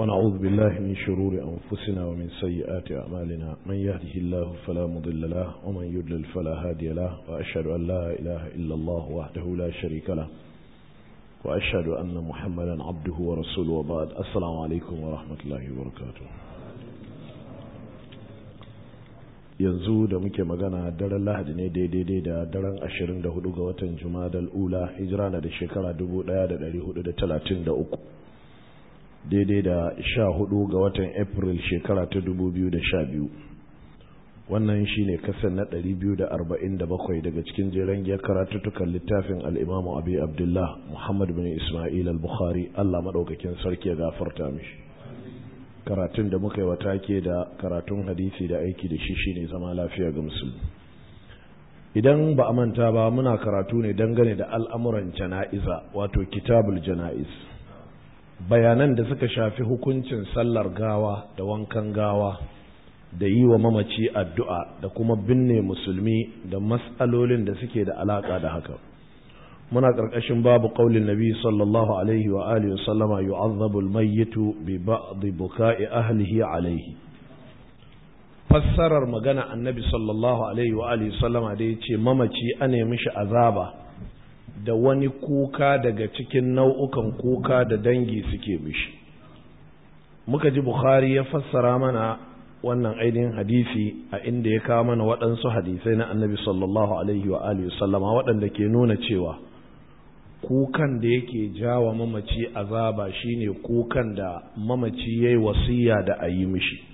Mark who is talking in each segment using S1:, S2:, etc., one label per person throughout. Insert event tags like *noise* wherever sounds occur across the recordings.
S1: ونعوذ بالله من شرور أنفسنا ومن سيئات أعمالنا من يهده الله فلا مضل له ومن يضلل فلا هادي له وأشهد أن لا إله إلا الله وحده لا شريك له وأشهد أن محمدا عبده ورسوله وبعد السلام عليكم ورحمة الله وبركاته yanzu da muke magana daren lahadi ne daidai da daren 24 ga watan juma'a ula hijira na da shekara 1433 daidai da sha hudu ga watan april shekara ta dubu biyu da sha biyu wannan shi ne kasan na ɗari biyu da arba'in da bakwai daga cikin jeren ya karatuttukan littafin al'imamu abi abdullah muhammad bin ismail al-bukhari allah maɗaukakin sarki ya gafarta mishi karatun da muka yi wa take da karatun hadisi da aiki da shi shine zama lafiya ga musulmi idan ba a manta ba muna karatu ne dangane da al'amuran jana'iza wato kitabul jana'iz bayanan da suka shafi hukuncin sallar gawa da wankan gawa da yi wa mamaci addu'a da kuma binne musulmi da matsalolin da suke da alaƙa da haka muna ƙarƙashin babu ƙaulin nabi sallallahu alaihi wa alihi sallama yu'azzabul mayyitu bi ba'd buka'i ahlihi alaihi fassarar magana annabi sallallahu alaihi wa alihi sallama da yace mamaci nemi shi azaba da wani kuka daga cikin nau'ukan kuka da dangi suke mishi muka ji bukhari ya fassara mana wannan ainihin hadisi a inda ya kawo mana waɗansu hadisai na annabi sallallahu alaihi wa alihi sallama waɗanda ke nuna cewa kukan da yake jawa mamaci azaba shine kukan da mamaci yayi wasiya da ayi yi mishi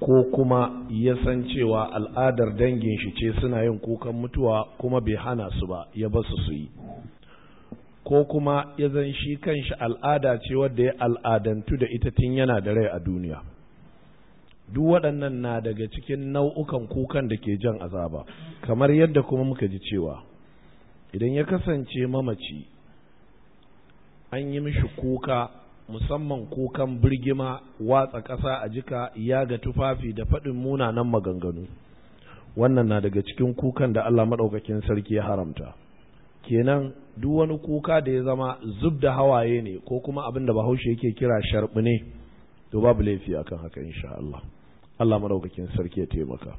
S1: ko kuma ya san cewa al'adar dangin shi ce suna yin kukan mutuwa kuma bai hana su ba ya basu su yi ko kuma ya zan shi kanshi al'ada ce wadda ya al'adantu da ita tun yana da rai a duniya duk waɗannan na daga cikin nau'ukan kukan da ke jan azaba kamar yadda kuma muka ji cewa idan ya kasance mamaci an yi mishi kuka musamman kukan birgima watsa ƙasa a jika ya ga tufafi da faɗin munanan maganganu wannan na daga cikin kukan da Allah maɗaukakin sarki ya haramta kenan duk wani kuka da ya zama zub da hawaye ne ko kuma abin da bahaushe yake kira sharɓi ne to babu laifi a kan haka insha Allah Allah maɗaukakin sarki ya taimaka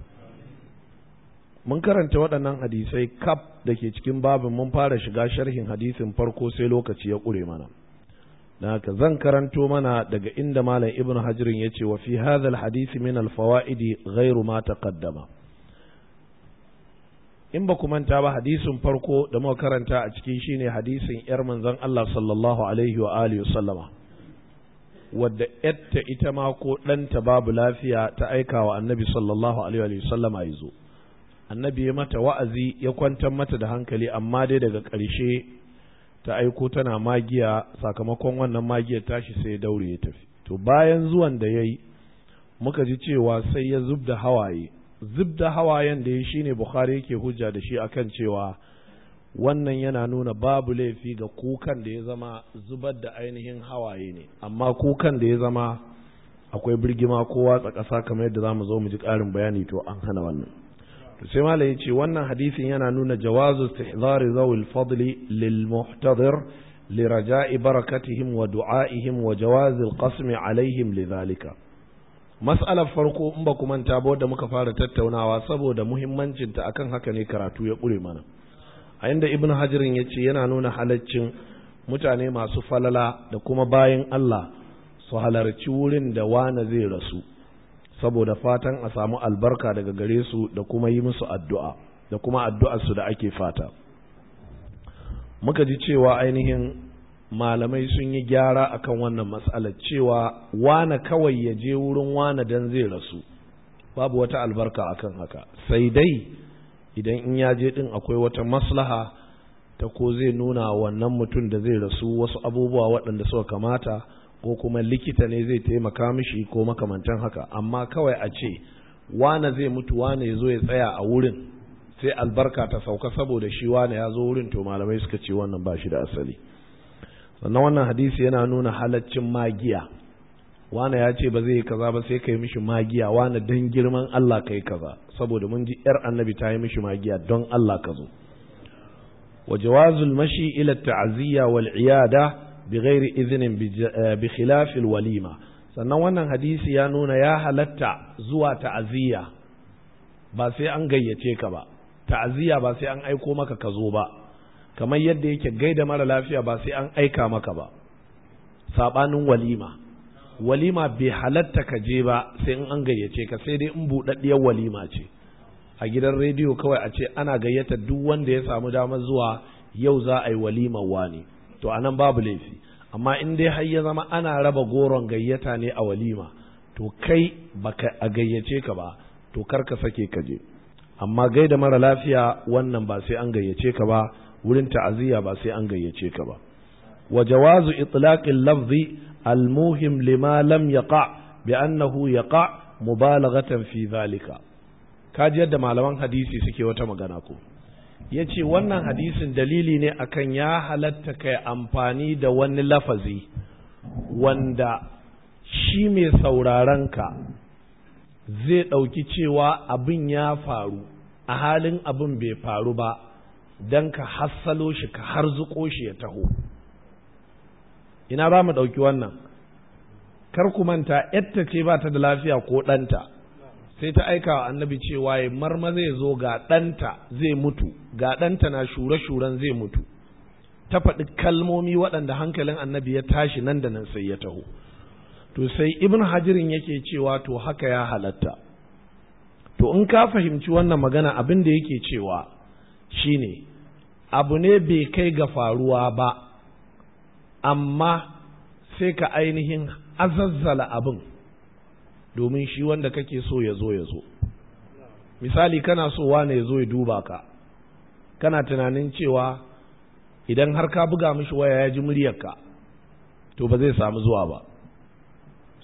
S1: mun karanta waɗannan hadisai kaf da ke cikin babin mun fara shiga sharhin hadisin farko sai lokaci ya ƙure mana na zan karanto mana daga inda malam ibn hajirin ya ce wa fi hadha alhadith min alfawaidi ghairu ma taqaddama in ba ku manta ba hadisin farko da muka karanta a ciki shine hadisin yar manzon Allah sallallahu alaihi wa alihi sallama wadda yatta ita ma ko ɗanta babu lafiya ta aika wa annabi sallallahu alaihi wa sallama ya zo annabi ya mata wa'azi ya kwantar mata da hankali amma dai daga ƙarshe ta aiko tana magiya sakamakon wannan magiyar tashi sai ya daure ya tafi to bayan zuwan da ya yi muka ji cewa sai ya zub da hawaye zub da hawayen da ya shine bukhari yake hujja da shi akan cewa wannan yana nuna babu laifi ga kukan da ya zama zubar da ainihin hawaye ne amma kukan da ya zama akwai birgima ko watsa ƙasa kamar yadda za mu zo mu ji ƙarin bayani to an hana wannan sai malai yace wannan hadisin yana nuna jawazu istihzari zawil fadli lil muhtadir wa بركتهم wa وجواز القسم alaihim لذلك mas'alar farko in ba ku manta ba da muka fara tattaunawa saboda muhimmancinta akan haka ne karatu ya ƙure mana a inda ibn hajirin ya ce yana nuna halaccin mutane masu falala da kuma bayan Allah su halarci wurin da wana zai rasu saboda fatan a samu albarka daga gare su da kuma yi musu addu'a da kuma addu'arsu da ake fata muka ji cewa ainihin malamai sun yi gyara akan wannan matsalar cewa wane kawai ya je wurin wane don zai rasu babu wata albarka akan haka sai dai idan in ya je ɗin akwai wata maslaha ta ko zai nuna wannan mutum da zai rasu wasu abubuwa waɗanda suka kamata ko kuma likita ne zai taimaka mishi ko makamantan haka amma kawai a ce wane zai mutu wane ya zo ya tsaya a wurin sai albarka ta sauka saboda shi wane ya zo wurin to malamai suka ce wannan ba shi da asali sannan wannan hadisi yana nuna halaccin magiya wane ya ce ba zai yi kaza ba sai ka yi mishi magiya wane don girman Allah ka yi kaza saboda mun ji yar annabi ta yi mishi magiya don Allah ka zo wa jawazul mashi ila ta'aziyya wal iyada bi izinin bi khilafil walima sannan wannan hadisi ya nuna ya halatta zuwa ta'aziyya ba sai an gayyace ka ba ta'aziyya ba sai an aiko maka ka zo ba kamar yadda yake gaida mara lafiya ba sai an aika maka ba sabanin walima walima bai halatta ka je ba sai in an gayyace ka sai dai in buɗaɗɗiyar walima ce a gidan rediyo kawai a ce ana gayyata duk wanda ya samu damar zuwa yau za a yi walimar wani to anan babu laifi amma in dai har ya zama ana raba goron gayyata ne a walima to kai baka a gayyace ka ba to kar ka sake ka je amma gaida mara lafiya wannan ba sai an gayyace ka ba wurin ta'aziyya ba sai an gayyace ka ba wa jawazu itlaqil lafzi al muhim lima lam yaqa bi annahu yaqa mubalaghatan fi zalika kaji yadda malaman hadisi suke wata magana ko ya ce wannan hadisin dalili ne akan ya halatta kai amfani da wani lafazi wanda shi mai saurarenka zai ɗauki cewa abin ya faru a halin abin bai faru ba don ka hassalo shi ka harzuko shi ya taho ina ba mu ɗauki wannan kar ku manta yadda ce ba ta da lafiya ko ɗanta sai ta aika wa annabi cewa ya marma zai zo ga ɗanta zai mutu ga ɗanta na shure-shuren zai mutu ta faɗi kalmomi waɗanda hankalin annabi ya tashi nan da nan sai ya taho to sai ibn hajirin yake cewa to haka ya halatta to in ka fahimci wannan magana abin da yake cewa shine abu ne bai kai ga faruwa ba amma sai ka ainihin azazzala abin domin shi wanda kake so ya zo ya zo misali kana so wane ya zo ya duba ka kana tunanin cewa idan har ka buga mishi waya ya ji muryarka to ba zai samu zuwa ba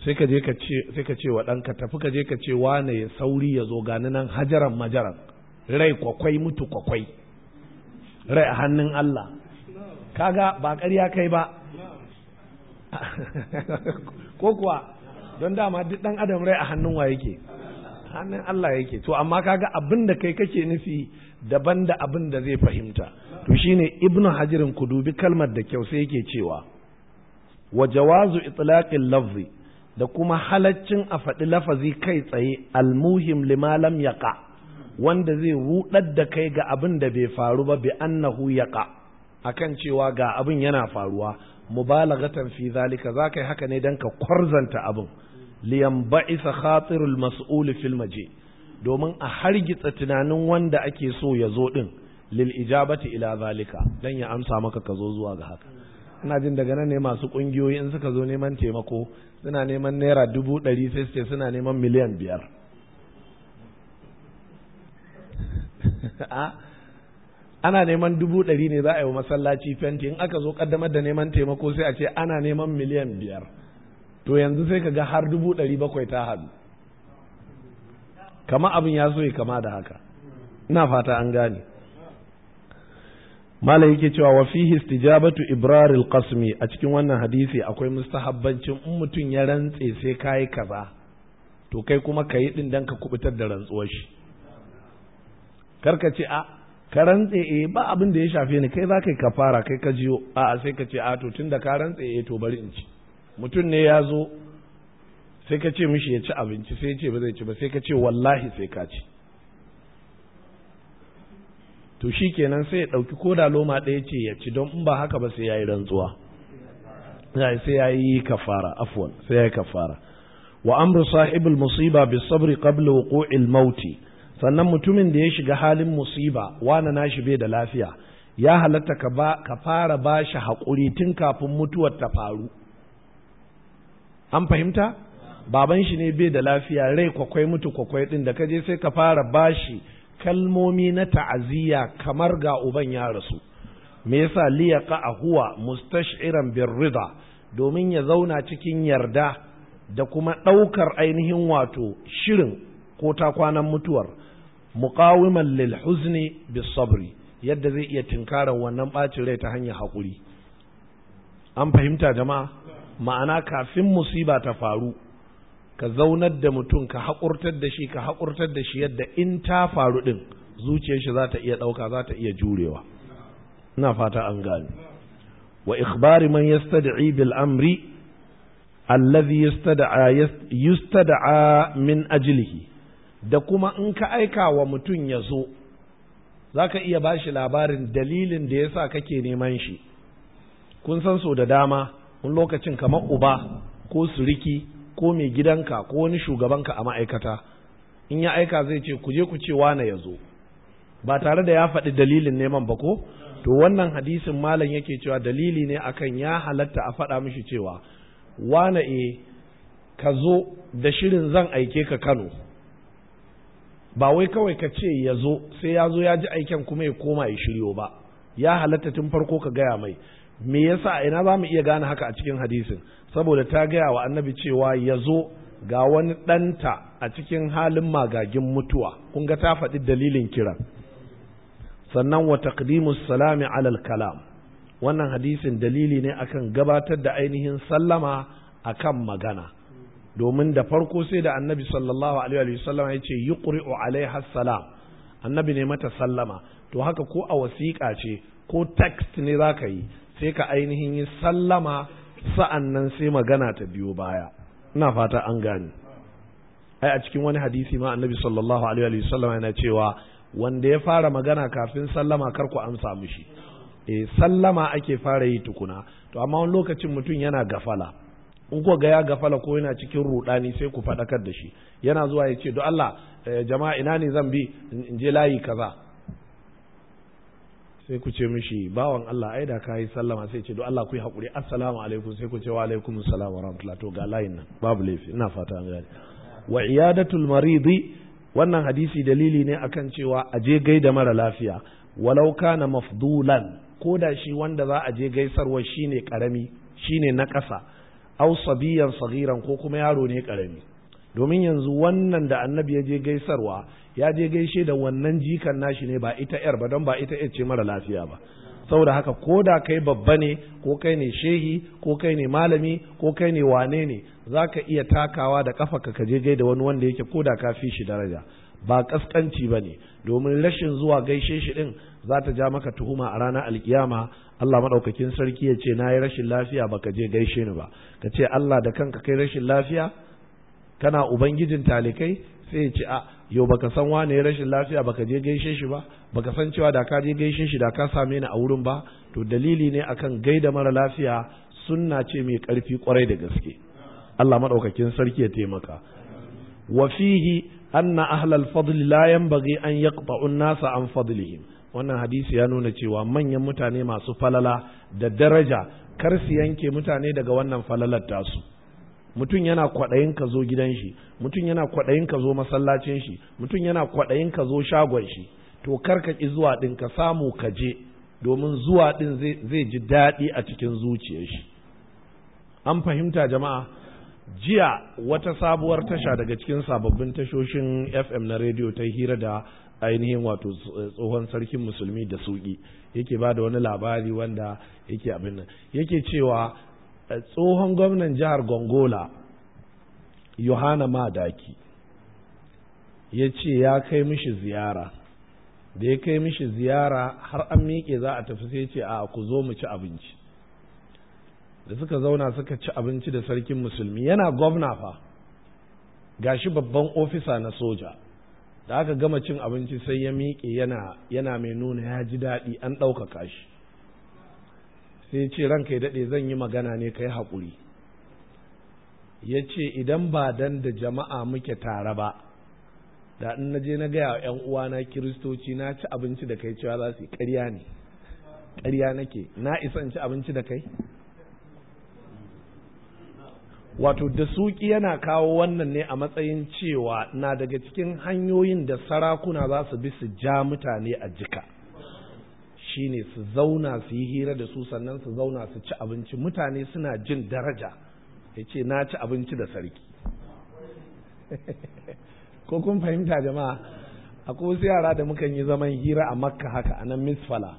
S1: sai ka je ka ce ka ɗanka tafi ka je ka ce wane ya sauri ya zo gani nan hajaran majaran rai kwakwai mutu kwakwai rai a hannun Allah kaga ba ƙarya kai ba *laughs* ko kuwa don dama duk ɗan adam rai a hannun wa yake hannun Allah yake to amma kaga abin da kai kake nufi daban da abin da zai fahimta to shine ibnu hajirin ku dubi kalmar da kyau sai yake cewa wa jawazu itlaqil lafzi da kuma halaccin a faɗi lafazi kai tsaye almuhim limalam lam yaqa wanda zai rudar da kai ga abin da bai faru ba bi annahu yaqa akan cewa ga abin yana faruwa mubalaghatan fi zalika za ka yi haka ne don ka kwarzanta abin liyan ba'isa khatirul mas'ul fil maji domin a hargitsa tunanin wanda ake so ya zo din lil ijabati ila zalika dan ya amsa maka ka zo zuwa ga haka ina jin daga nan ne masu ƙungiyoyi in suka zo neman taimako suna neman naira dubu ɗari sai ce suna neman miliyan biyar *laughs* ah, ana neman dubu ɗari ne za a yi wa masallaci fenti in aka zo kaddamar da neman taimako sai a ce ana neman miliyan biyar to yanzu sai ka ga har dubu ɗari bakwai ta haɗu kama abin ya so ya kama da haka ina fata an gane malam yake cewa wa fihi istijabatu ibraril qasmi a cikin wannan hadisi akwai mustahabbancin in mutum ya rantse sai kai kaza to kai kuma ka yi din dan ka kubutar da rantsuwar shi karka ce a ka rantse e ba abin da ya shafe ni kai za ka yi kafara kai ka jiyo a'a sai ka ce a to tunda ka rantse e to bari in ci mutum ne ya zo sai ka ce mishi ya ci abinci sai ya ce ba zai ci ba sai ka ce wallahi sai ka ci to shi kenan sai ya ɗauki ko da loma ɗaya ce ya ci don in ba haka ba sai ya yi rantsuwa sai ya yi kafara afwan sai ya yi kafara wa amru sahibul musiba bi sabri qabla wuqu'il mauti sannan mutumin da ya shiga halin musiba wana nashi bai da lafiya ya halatta ka fara ba shi haƙuri tun kafin mutuwar ta faru an fahimta baban shi ne bai da lafiya rai kwakwai mutu kwakwai ɗin da ka je sai ka fara ba shi kalmomi na ta'aziyya kamar ga uban ya rasu me yasa liyaka a huwa mustashiran birrida domin ya zauna cikin yarda da kuma ɗaukar ainihin wato shirin ko ta kwanan mutuwar muqawiman lil huzni bis sabri yadda zai iya tinkarar wannan bacin rai ta hanyar hakuri an fahimta jama'a ma'ana kafin musiba ta faru ka zaunar da mutum ka haƙurtar da shi ka haƙurtar da shi yadda in ta faru ɗin zuciyar shi za ta iya ɗauka za ta iya jurewa ina fata an gane wa ikhbari man yastad'i bil amri alladhi yastad'a yastad'a min ajlihi da kuma in ka aika wa mutum ya zo za ka iya ba shi labarin dalilin da ya sa kake neman shi kun san so da dama kun lokacin kamar uba ko suriki ko mai gidanka ko wani shugabanka a ma'aikata in ya aika zai ce ku je ku ce wane ya zo ba tare da ya faɗi dalilin neman ba ko to wannan hadisin malam yake cewa dalili ne akan ya halatta a faɗa mishi cewa wane e ka zo da shirin zan aike ka kano ba wai kawai ka ce ya zo sai ya zo ya ji aiken kuma ya koma ya shiryo ba ya halatta tun farko ka gaya mai me yasa ina za mu iya gane haka a cikin hadisin saboda ta gaya wa annabi cewa ya zo ga wani ɗanta a cikin halin magagin mutuwa kun ga ta faɗi dalilin kiran sannan wa taqdimu salami alal kalam wannan hadisin dalili ne akan gabatar da ainihin sallama akan magana domin da farko sai da annabi sallallahu alaihi wa sallam ya ce yuqri'u alaiha salam annabi ne mata sallama to haka ko a wasiƙa ce ko text ne za ka yi sai ka ainihin yi sallama sa'annan sai magana ta biyo baya ina fata an gane ai a cikin wani hadisi ma annabi sallallahu alaihi wa sallam yana cewa wanda ya fara magana kafin sallama kar ku amsa mishi eh sallama ake fara yi tukuna to amma wani lokacin mutum yana gafala in ko ga ya gafala ko yana cikin rudani sai ku faɗakar da shi yana zuwa ya ce don Allah eh, jama'a ina ne zan bi in je layi kaza sai ku ce mishi bawan Allah ai da kai sallama sai ce don Allah ku yi hakuri assalamu alaikum sai ku ce wa alaikum assalam wa rahmatullahi to ga layin nan babu laifi ina fata an gane wa iyadatul maridi wannan hadisi dalili ne akan cewa a je gaida mara lafiya walau kana mafdulan ko da shi wanda za a je gaisarwa shine karami shine na ƙasa aw sabiyan saghiran ko kuma yaro ne karami domin yanzu wannan da annabi ya je gaisarwa ya je gaishe da wannan jikan nashi ne ba ita yar ba don ba ita yar ce mara lafiya ba saboda haka ko da kai babba ne ko kai ne shehi ko kai ne malami ko kai ne wane ne za ka iya takawa da kafa ka kaje gai da wani wanda yake ko da ka fi shi daraja ba kaskanci ba ne domin rashin zuwa gaishe shi din za ta ja maka tuhuma a ranar alkiyama Allah maɗaukakin sarki ya ce na yi rashin lafiya baka je gaishe ni ba ka ce Allah da kanka kai rashin lafiya kana ubangijin talikai sai ya ce a yau baka san wane rashin lafiya baka je gaishe shi ba baka san cewa da ka je gaishe shi da ka same ni a wurin ba to dalili ne akan gaida mara lafiya sunna ce mai ƙarfi ƙwarai da gaske Allah maɗaukakin sarki ya taimaka wa fihi anna ahlal fadl la yanbaghi an yaqta'u an-nasa an fadlihim wannan hadisi ya nuna cewa manyan mutane masu falala da daraja kar su yanke mutane daga wannan falalar tasu mutum yana kwaɗayin ka zo gidan shi mutum yana kwaɗayin ka zo masallacin shi mutum yana kwaɗayin ka zo shagon shi to kar ka ki zuwa ɗin ka samu ka je domin zuwa ɗin zai ji daɗi a cikin zuciyar shi an fahimta jama'a jiya wata sabuwar tasha daga cikin sababbin tashoshin fm na rediyo ta hira da ainihin wato tsohon sarkin musulmi da suki yake ba da wani labari wanda yake abin nan yake cewa eh, tsohon gwamnan jihar gongola yohana madaki ya ce ya kai mishi ziyara da ya kai mishi ziyara har an miƙe za a tafi sai ce a ku zo mu ci abinci da suka zauna suka ci abinci da sarkin musulmi yana gwamna fa gashi babban ofisa na soja da aka gama cin abinci sai ya miƙe yana yana mai nuna ya ji daɗi an ɗaukaka shi sai ce ranka ya daɗe zan yi magana ne kai yi haƙuri ya ce idan ba dan da jama'a muke tare ba da in na je na gaya wa 'yan uwana kiristoci na ci abinci da kai cewa za su yi ƙarya ne ƙarya nake na isa in ci abinci da kai wato da suki yana kawo wannan ne a matsayin cewa na daga cikin hanyoyin da sarakuna za su bi su ja mutane a jika shine su zauna su yi hira da su sannan su zauna su ci abinci mutane suna jin daraja ya ce na ci abinci da sarki *laughs* ko kun fahimta jama'a akwai wasu yara da mukan yi zaman hira a makka haka a nan misfala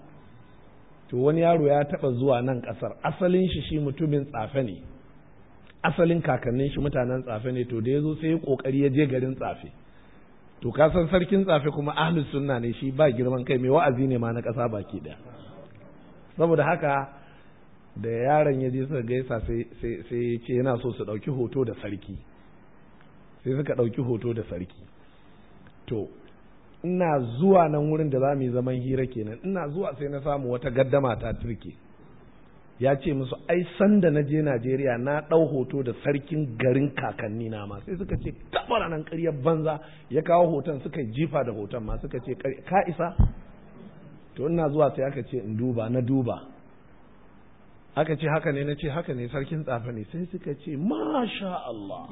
S1: to wani yaro ya taba zuwa nan kasar asalin shi shi mutumin tsafe ne asalin kakannin shi mutanen tsafe ne to da ya zo sai ya kokari ya je garin tsafe to ka san sarkin tsafe kuma ahlus sunna ne shi ba girman kai mai wa'azi ne ma na ƙasa baki ɗaya saboda haka da yaron ya je suka gaisa sai ya ce yana so su ɗauki hoto da sarki sai suka ɗauki hoto da sarki to ina zuwa nan wurin da za mu yi zaman hira kenan ina zuwa sai na samu wata gaddama ta turke ya ce musu ai sanda na je Najeriya na ɗau hoto da sarkin garin kakanni na ma sai suka ce tabbara nan ƙaryar banza ya kawo hoton suka jifa da hoton ma suka ce ka isa to ina zuwa sai aka ce in duba na duba aka ce haka ne na ce haka ne sarkin tsafa ne sai suka ce masha Allah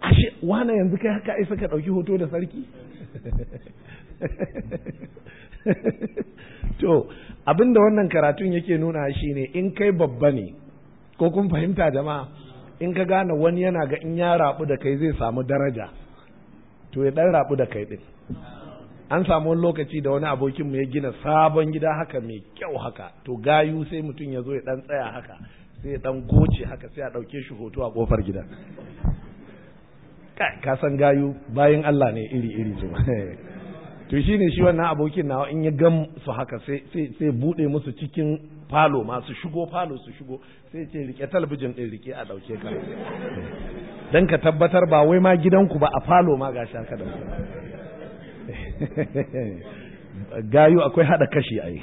S1: ashe wane yanzu kai haka isa ka ɗauki hoto da sarki *laughs* to abinda wannan karatun yake nuna shi ne in kai babba ne ko kun fahimta jama'a in ka gane wani yana ga in ya rabu da kai zai samu daraja to ya dan rabu da kai ɗin. an samu wani lokaci da wani abokinmu ya gina sabon gida haka mai kyau haka to gayu sai mutum ya zo ya ɗan tsaya haka sai ya ɗan goce haka sai a ɗauke shi hoto a kofar gidan ka san gayu bayan Allah ne iri iri *laughs* eh. to shi ne shi wannan abokin nawa in ya gam su haka sai sai bude musu cikin falo masu shigo falo su shigo sai ce rike talabijin din rike a dauke ka eh. dan ka tabbatar ba wai ma gidanku ba a falo ma ga shaka da eh. *laughs* gayu akwai hada kashi ai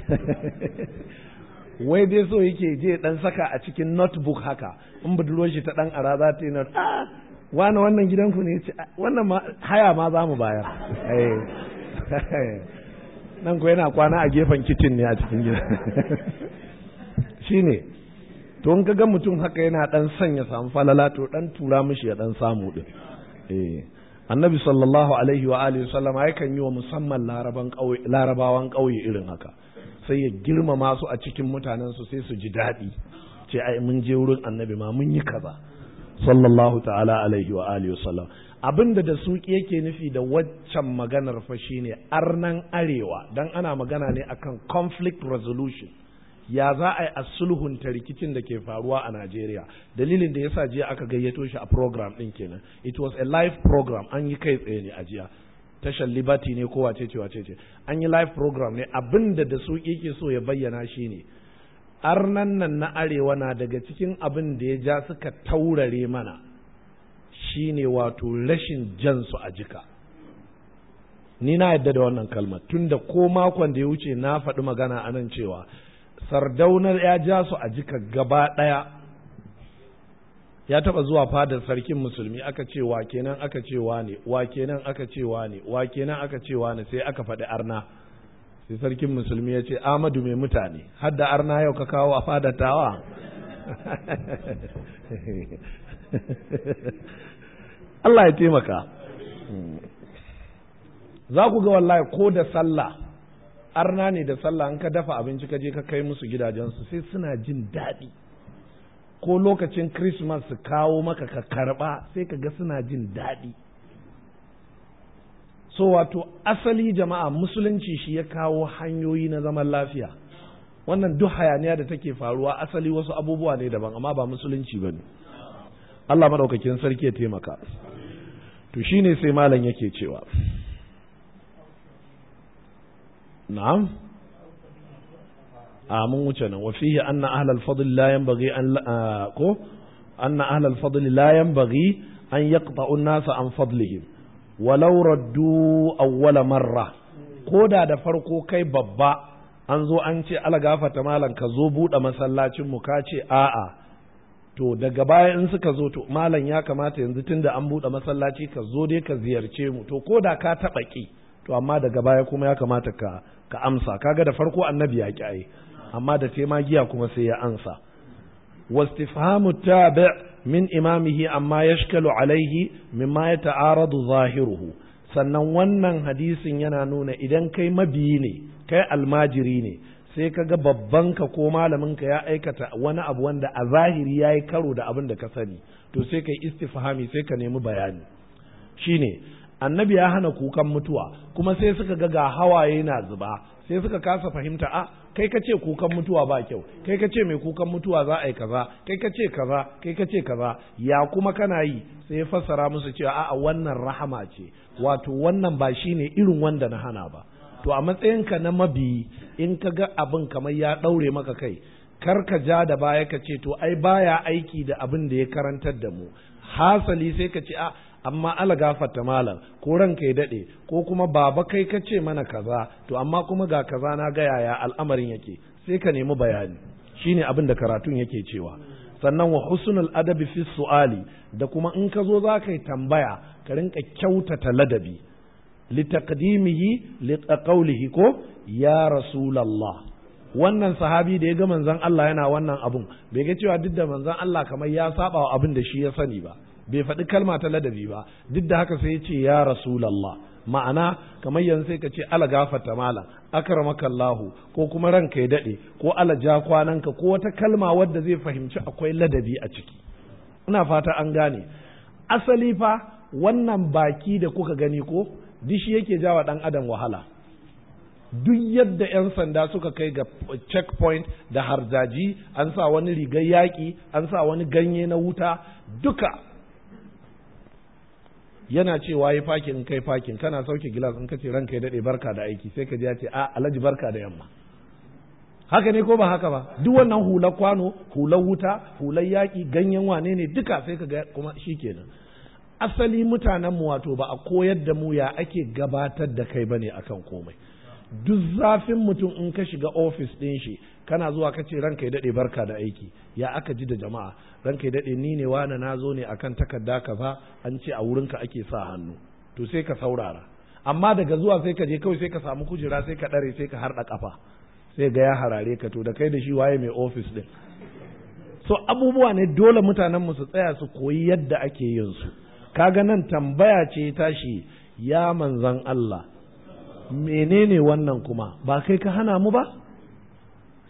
S1: *laughs* wai dai so yake je dan saka a cikin notebook haka in budurwar shi ta dan ara za ta yi ah! wani wannan gidanku ne ce ah, wannan haya ma za mu bayar eh. *laughs* nan ku yana kwana a gefen kicin ne a cikin gida *laughs* shi ne to in ga mutum haka yana dan sanya samu falala to dan tura mishi ya dan samu din eh. annabi sallallahu alaihi wa alihi sallama kan yi wa musamman laraban kauye larabawan kauye irin haka sai ya girmama su a cikin mutanen su sai su ji daɗi ce ai mun je wurin annabi ma mun yi kaza sallallahu ta'ala alaihi wa alihi wa sallam abinda da suki yake nufi da waccan maganar fa shine arnan arewa dan ana magana ne akan conflict resolution ya za a yi a sulhunta rikicin da ke faruwa a Najeriya dalilin da yasa jiya aka gayyato shi a program din kenan it was a live program an yi kai tsaye ne a jiya tashar liberty ne ko wace ce wace ce an yi live program ne Abin da suki yake so ya bayyana shine arnan nan na arewa na daga cikin abin da ya ja suka taurare mana shi ne wato rashin jansu a jika ni na yadda da wannan kalmar da ko makon da ya wuce na faɗi magana a nan cewa sardaunar ya ja su a jika gaba ɗaya ya taɓa zuwa fadar sarkin musulmi aka ce wa kenan aka ce ne wa kenan aka ce ne wa kenan aka ce ne sai aka faɗi arna sai sarkin musulmi ya ce amadu mai mutane hadda arna yau ka kawo a fadatawa *laughs* Allah ya taimaka za ku ga wallahi ko da sallah arna ne da sallah an ka dafa abinci ka je ka kai musu gidajensu sai suna jin daɗi ko lokacin Christmas su kawo maka ka karɓa sai ka ga suna jin daɗi so wato asali jama'a musulunci shi ya kawo hanyoyi na zaman lafiya wannan duk hayaniya da take faruwa asali wasu abubuwa ne daban amma ba musulunci ba ne Allah maɗaukakin sarki ya taimaka to ne sai malam yake cewa na'am a mun wuce nan wafihi anna ahlal fadl la yanbaghi an ko anna ahlal fadl la yanbaghi an yaqta'u an-nasa an fadlihim walau raddu awwala marra ko da da farko kai babba an zo an ce alagafata malam ka zo buɗe masallacin mu ka ce a'a to daga baya in suka zo to malam ya kamata yanzu tunda an buɗe masallaci ka zo dai ka ziyarce mu to ko da ka taɓa ki to amma daga baya kuma ya kamata ka ka amsa kaga da farko annabi ya ki amma da tema giya kuma sai ya amsa wastifhamu tabi' min imamihi amma yashkalu alaihi mimma ya ta'aradu zahiruhu sannan wannan hadisin yana nuna idan kai mabiyi ne kai almajiri ne sai ka ga babbanka ko malamin ka ya aikata wani abu wanda a zahiri ya yi karo da abin da ka sani to sai kai istifhami sai ka nemi bayani shine annabi ya hana kukan mutuwa kuma sai suka ga ga hawaye na zuba sai suka kasa fahimta a ah, kai ka ce kukan mutuwa ba kyau kai ka ce mai kukan mutuwa za a yi kaza kai ka ce kaza kai ka ce kaza ya kuma kana yi sai ya fassara musu cewa a'a wannan rahama ce wato wannan ba shine irin wanda na hana ba to a matsayinka na mabi in ka ga abin kamar ya ɗaure maka kai kar ka ja da baya ka ce to ai baya aiki da abin da ya karantar da mu hasali sai ka ce a amma ala gafarta malam ko ran kai dade ko kuma baba kai ka ce mana kaza to amma kuma ga kaza na ga yaya al'amarin yake sai ka nemi bayani shine abin da karatun yake cewa sannan wa husnul adabi fi su'ali da kuma in ka zo zaka yi tambaya ka rinka kyautata ladabi li taqdimihi li qawlihi ko ya rasulullah wannan sahabi da ya ga manzon Allah yana wannan abun bai ga cewa duk da manzon Allah kamar ya saba wa abin da shi ya sani ba bai faɗi kalma ta ladabi ba duk da haka sai ya ce ya rasulallah ma'ana kamar yanzu sai ka ce ala gafarta malam akramakallahu ko kuma ranka ya daɗe ko ala ja kwananka ko wata kalma wadda zai fahimci akwai ladabi a ciki ina fata an gane asali fa wannan baki da kuka gani ko dishi yake jawa ɗan adam wahala duk yadda 'yan sanda suka kai ga checkpoint da harzaji an sa wani rigar yaƙi an sa wani ganye na wuta duka yana cewa yi fakin in kai fakin kana sauke gilas in ka ce ranka ya dade barka da aiki sai ka ji ya ce a ah, alhaji barka da yamma haka ne ko ba haka ba duk wannan hular kwano hular wuta hular yaƙi ganyen wane ne duka sai ka ga kuma shi kenan asali mutanen mu wato ba a koyar da mu ya ake gabatar da kai bane akan komai duk zafin mutum in ka shiga ofis ɗin shi kana zuwa ka ce ranka ya daɗe barka da aiki ya aka ji da jama'a ranka ya daɗe ni ne wani na zo ne akan takarda ka kaza an ce a wurinka ake sa hannu to sai ka saurara amma daga zuwa sai ka je kawai sai ka samu kujera sai ka ɗare sai ka harɗa ƙafa sai ga ya harare ka to da kai da shi waye mai ofis ɗin so abubuwa ne dole mutanen mu su tsaya su koyi yadda ake yin su kaga nan tambaya ce tashi ya manzan Allah menene wannan kuma ba kai ka hana mu ba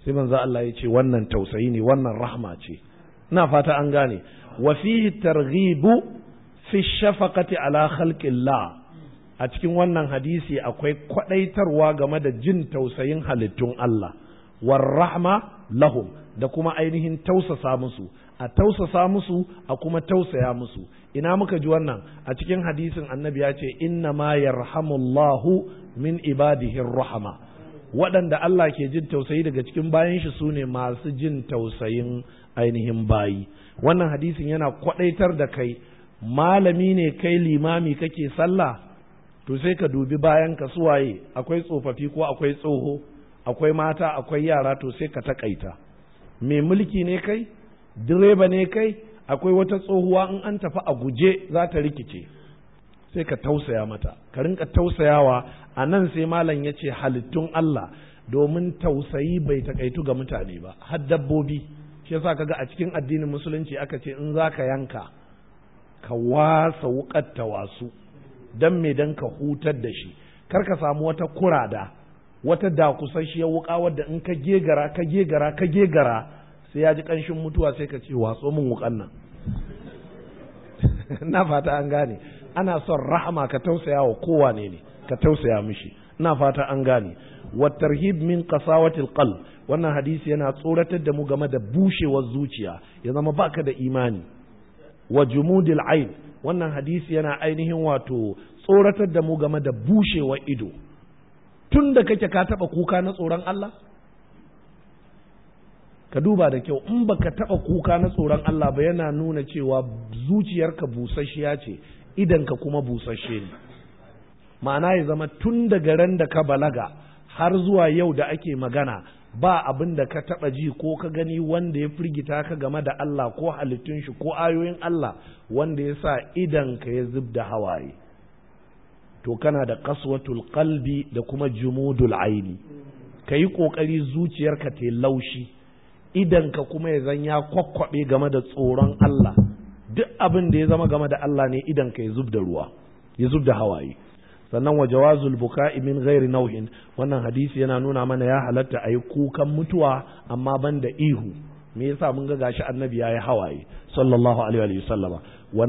S1: sai manzo Allah ya ce wannan tausayi ne wannan rahma ce ina fata an gane wa fihi targhibu fi shafaqati ala khalqillah a cikin wannan hadisi akwai kwadaitarwa game da jin tausayin halittun Allah war rahma lahum da kuma ainihin tausasa musu a tausasa musu a kuma tausaya musu ina muka ji wannan a cikin hadisin annabi ya ce inna ma yarhamullahu min ibadihi rahama waɗanda Allah ke jin tausayi daga cikin bayan shi sune masu jin tausayin ainihin bayi wannan hadisin yana kwadaitar da kai malami ne kai limami kake sallah to sai ka dubi bayan ka suwaye akwai tsofaffi ko akwai tsoho akwai mata akwai yara to sai ka takaita mai mulki ne kai direba ne kai akwai wata tsohuwa in an tafi a guje za ta rikice sai ka tausaya mata ka rinka tausayawa a nan sai malam ya ce halittun Allah domin tausayi bai takaitu ga mutane ba har dabbobi shi yasa kaga a cikin addinin musulunci aka ce in zaka yanka ka wasa wukar wasu dan me dan ka hutar da shi kar ka samu wata kurada wata da dakusasshiyar wuka wadda in ka gegara ka gegara ka gegara sai ya ji kanshin mutuwa sai ka ce waso min wukan nan *laughs* na fata an gane ana son rahama ka tausaya wa kowa ne ne ka tausaya mishi ina fata an gane wa tarhib min qasawatil qalb wannan hadisi yana tsoratar da mu game da bushewar zuciya ya zama baka da imani wa jumudil ayn wannan hadisi yana ainihin wato tsoratar da mu game da bushewar ido Tunda kake ka taba kuka na tsoron Allah ka duba da kyau in baka taba kuka na tsoron Allah ba yana nuna cewa zuciyarka busasshiya ce idanka kuma busasshe ne ma'ana ya zama tun daga ran da ka balaga har zuwa yau da ake magana ba abin da ka taɓa ji ko ka gani wanda ya firgita ka game da Allah ko halittun shi ko ayoyin Allah wanda ya sa idan ka ya zub da hawaye to kana da kaswatul qalbi da kuma jumudul aini ka yi ƙoƙari zuciyarka ta laushi Idan ka kuma ya zanya ya kwakwaɓe game da tsoron Allah duk abin da ya zama game da Allah ne idan ka ya zub da ruwa ya zub da hawaye sannan wa jawazul buka'i min ghairi nau'in wannan hadisi yana nuna mana ya halatta ayi kukan mutuwa amma ban da ihu me yasa mun ga gashi annabi yayi hawaye sallallahu alaihi wa sallama wa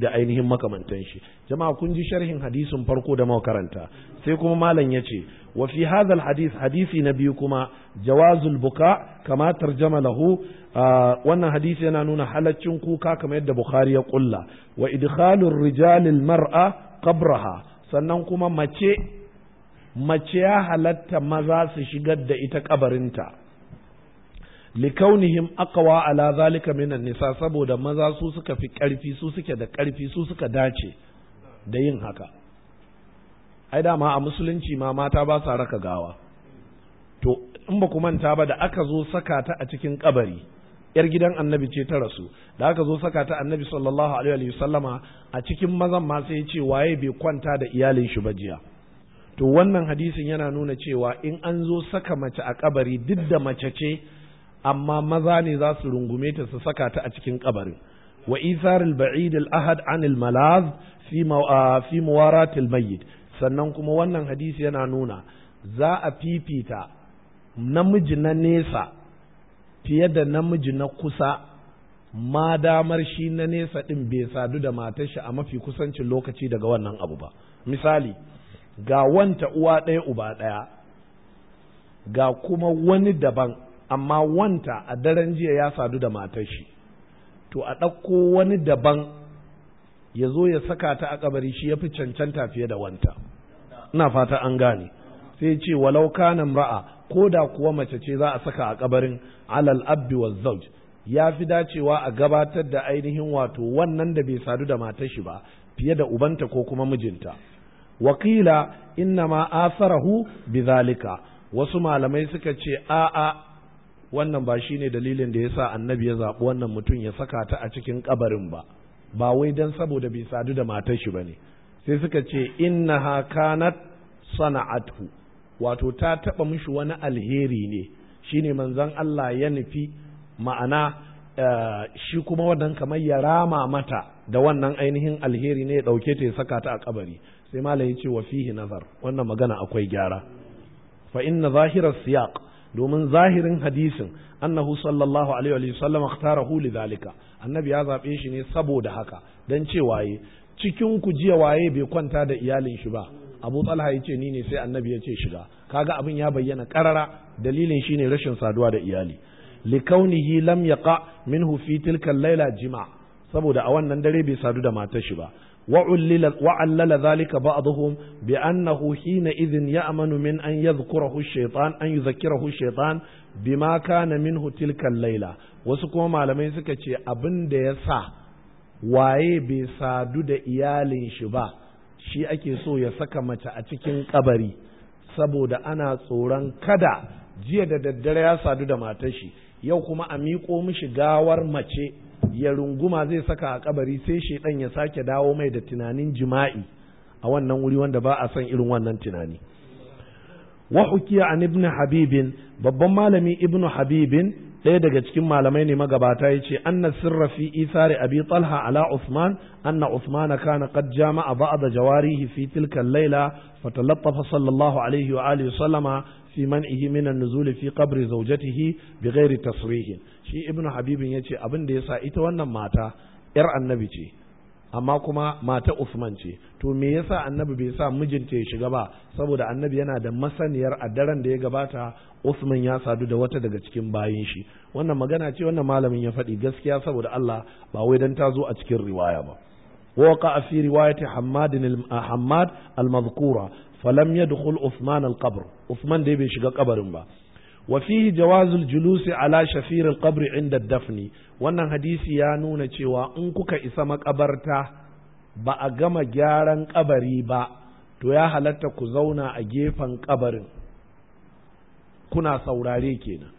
S1: da ainihin makamantan shi jama'a kun ji sharhin hadisin farko da muka karanta sai kuma malam yace wa fi hadha hadith hadisi na biyu kuma jawazul buka kama tarjama lahu wannan hadisi yana nuna halaccin kuka kamar yadda bukhari ya kulla wa idkhalur rijalil mar'a qabraha sannan kuma mace mace ya halatta maza su shigar da ita kabarinta likaunihim aqwa ala zalika minan nisa saboda maza su suka fi karfi su suke da karfi su suka dace da yin haka ai dama a musulunci ma mata ba sa raka gawa to in ba ku manta ba da aka zo saka ta a cikin kabari yar gidan annabi ce ta rasu da aka zo saka ta annabi sallallahu alaihi wa sallama a cikin mazan ma sai ce waye bai kwanta da iyalin shi ba jiya to wannan hadisin yana nuna cewa in an zo saka mace a kabari duk da mace ce amma maza ne za su rungume ta su saka ta a cikin kabarin wa isarul baid al-ahad an al-malaz fi fi muwarat mayyit sannan kuma wannan hadisi yana nuna za a fifita namiji na nesa fiye da namiji na kusa ma damar shi na nesa ɗin bai sadu da matar a mafi kusancin lokaci daga wannan abu ba misali ga wanta uwa ɗaya uba ɗaya ga kuma wani daban amma wanta a daren jiya ya sadu da matar shi to a ɗauko wani daban ya zo ya saka ta a kabari shi ya fi cancanta fiye da wanta ina fata an gane sai ce walau kana ra'a ko da kuwa mace ce za a saka a kabarin alal abdi wa zauj ya fi dacewa a gabatar da ainihin wato wannan da bai sadu da matar shi ba fiye da ubanta ko kuma mijinta wakila inna ma asarahu bizalika wasu malamai suka ce a'a wannan ba shine dalilin da ya sa annabi ya zaɓi wannan mutum ya saka ta a cikin kabarin ba ba wai dan saboda bai sadu da matar shi ne, sai suka ce innaha kanat sana'atu wato ta taɓa mishi wani alheri ne shine manzon Allah ya nufi ma'ana eh, shi kuma wannan kamar ya rama mata da wannan ainihin alheri ne ya ɗauke ta ya saka ta a kabari sai malam ya ce wa fihi nazar wannan magana akwai gyara fa inna zahirar siyaq domin zahirin hadisin annahu sallallahu alaihi wa sallam ikhtarahu lidhalika annabi ya zabe shi ne saboda haka dan cewa cikin ku jiya waye bai kwanta da iyalin shi ba abu talha ya ce ni ne sai annabi ya ce shiga kaga abin ya bayyana karara dalilin shine rashin saduwa da iyali likaunihi lam yaqa minhu fi tilka laila jima saboda a wannan dare bai sadu da matar shi ba وعلل ذلك بعضهم بأنه حينئذ يأمن من أن يذكره الشيطان أن يذكره kana بما كان منه laila Wasu kuma malamai suka ce abin da ya sa waye bai sadu da iyalin shi ba shi ake so ya saka mace a cikin kabari saboda ana tsoron kada jiya da daddare ya sadu da matar shi yau kuma a miƙo mishi gawar mace ya runguma zai saka a kabari sai shedan ya sake dawo mai da tunanin jima'i a wannan wuri wanda ba a son irin wannan tunani wa hukiya an ibnu habibin babban malami ibnu habibin ɗaya daga cikin malamai ne magabata ya ce anna sirra fi isari abi talha ala usman anna usman kana qad jama'a ba'da jawarihi fi tilka laila fatalattafa sallallahu alaihi wa alihi sallama fi man'ihi min an-nuzul fi qabri zawjatihi bighairi tasrih shi ibnu habibin yace abin da yasa ita wannan mata yar annabi ce amma kuma mata Usman ce to me yasa annabi bai sa mijinta ya shiga ba saboda annabi yana da masaniyar a daren da ya gabata Usman ya sadu da wata daga cikin bayin shi wannan magana ce wannan malamin ya faɗi gaskiya saboda Allah ba wai dan ta zo a cikin riwaya ba bin في al حماد ah, falam yadkhul Uthman al qabr Usman dai bai shiga kabarin ba. wa fihi jawazul julusi ala shafiril qabri inda dafni wannan hadisi ya nuna cewa in kuka isa makabarta ba a gama gyaran kabari ba to ya halatta ku zauna a gefen kabarin kuna saurare kenan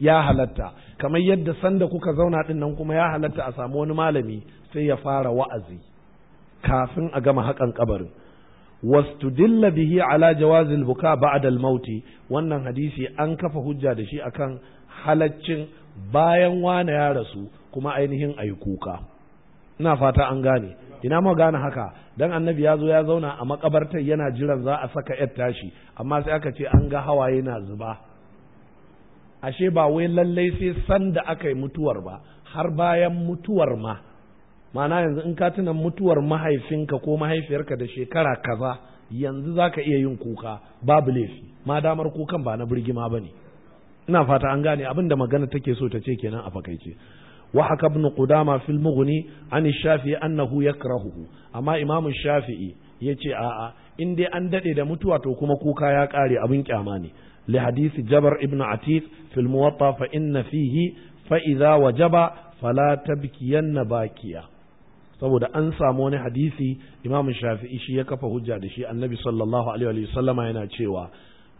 S1: ya halatta kamar yadda sanda kuka zauna din nan kuma ya halatta a samu wani malami sai ya fara wa'azi kafin a gama haƙan kabarin wastudilla bihi ala jawazil buka ba'da al wannan hadisi an kafa hujja da shi akan halaccin bayan wane ya rasu kuma ainihin ayi kuka ina fata an gane ina ma gane haka dan annabi ya zo ya zauna a makabartar yana jiran za a saka yar tashi amma sai aka ce an ga hawaye na zuba ashe ba wai lallai sai sanda da aka yi mutuwar ba har bayan mutuwar ma ma'ana yanzu in ka tunan mutuwar mahaifinka ko mahaifiyarka da shekara kaza yanzu za ka iya yin kuka babu laifi ma damar kukan ba na birgima ba ne ina fata an gane abin da magana take so ta ce kenan a fakaice wa haka ibn qudama fil mughni an shafi'i annahu yakrahu amma imamu shafi'i yace a'a in dai an dade da mutuwa to kuma kuka ya kare abin kyama ne li hadisi jabar ibn atiq fil muwatta fa inna fihi fa idha wajaba fala tabkiyanna bakiya saboda an samu wani hadisi imam shafi'i shi ya kafa hujja da shi annabi sallallahu alaihi wa sallama yana cewa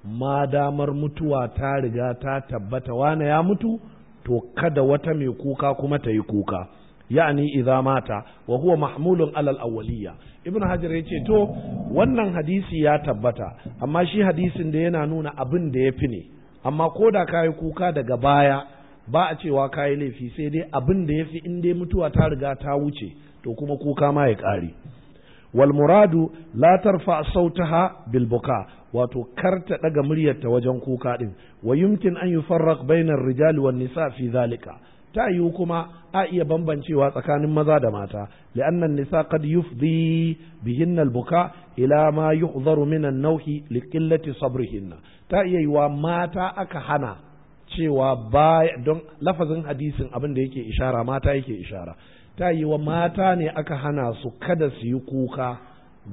S1: ma damar mutuwa ta riga ta tabbata wane ya mutu to kada wata mai kuka kuma ta yi kuka ya'ani idza mata wa huwa mahmulun alal awwaliya ibnu hajar yace to wannan hadisi ya tabbata amma shi hadisin da yana nuna abin da yafi ne amma ko da kayi kuka daga baya ba a cewa kayi laifi sai dai abin da fi in dai mutuwa ta riga ta wuce to kuma kuka ma ya ƙare walmuradu muradu la tarfa sautaha bil buka wato kar ta ɗaga muryarta wajen kuka ɗin wa yumkin an yufarraq bainar rijali wan nisa fi zalika ta yiwu kuma a iya bambancewa tsakanin maza da mata li'annan nisa qad yufdi bihinna buka ila ma yuhdaru min an-nawhi liqillati sabrihinna ta iya yiwa mata aka hana cewa ba don lafazin hadisin abin da yake ishara mata yake ishara ta yi wa mata ne aka hana su kada su yi kuka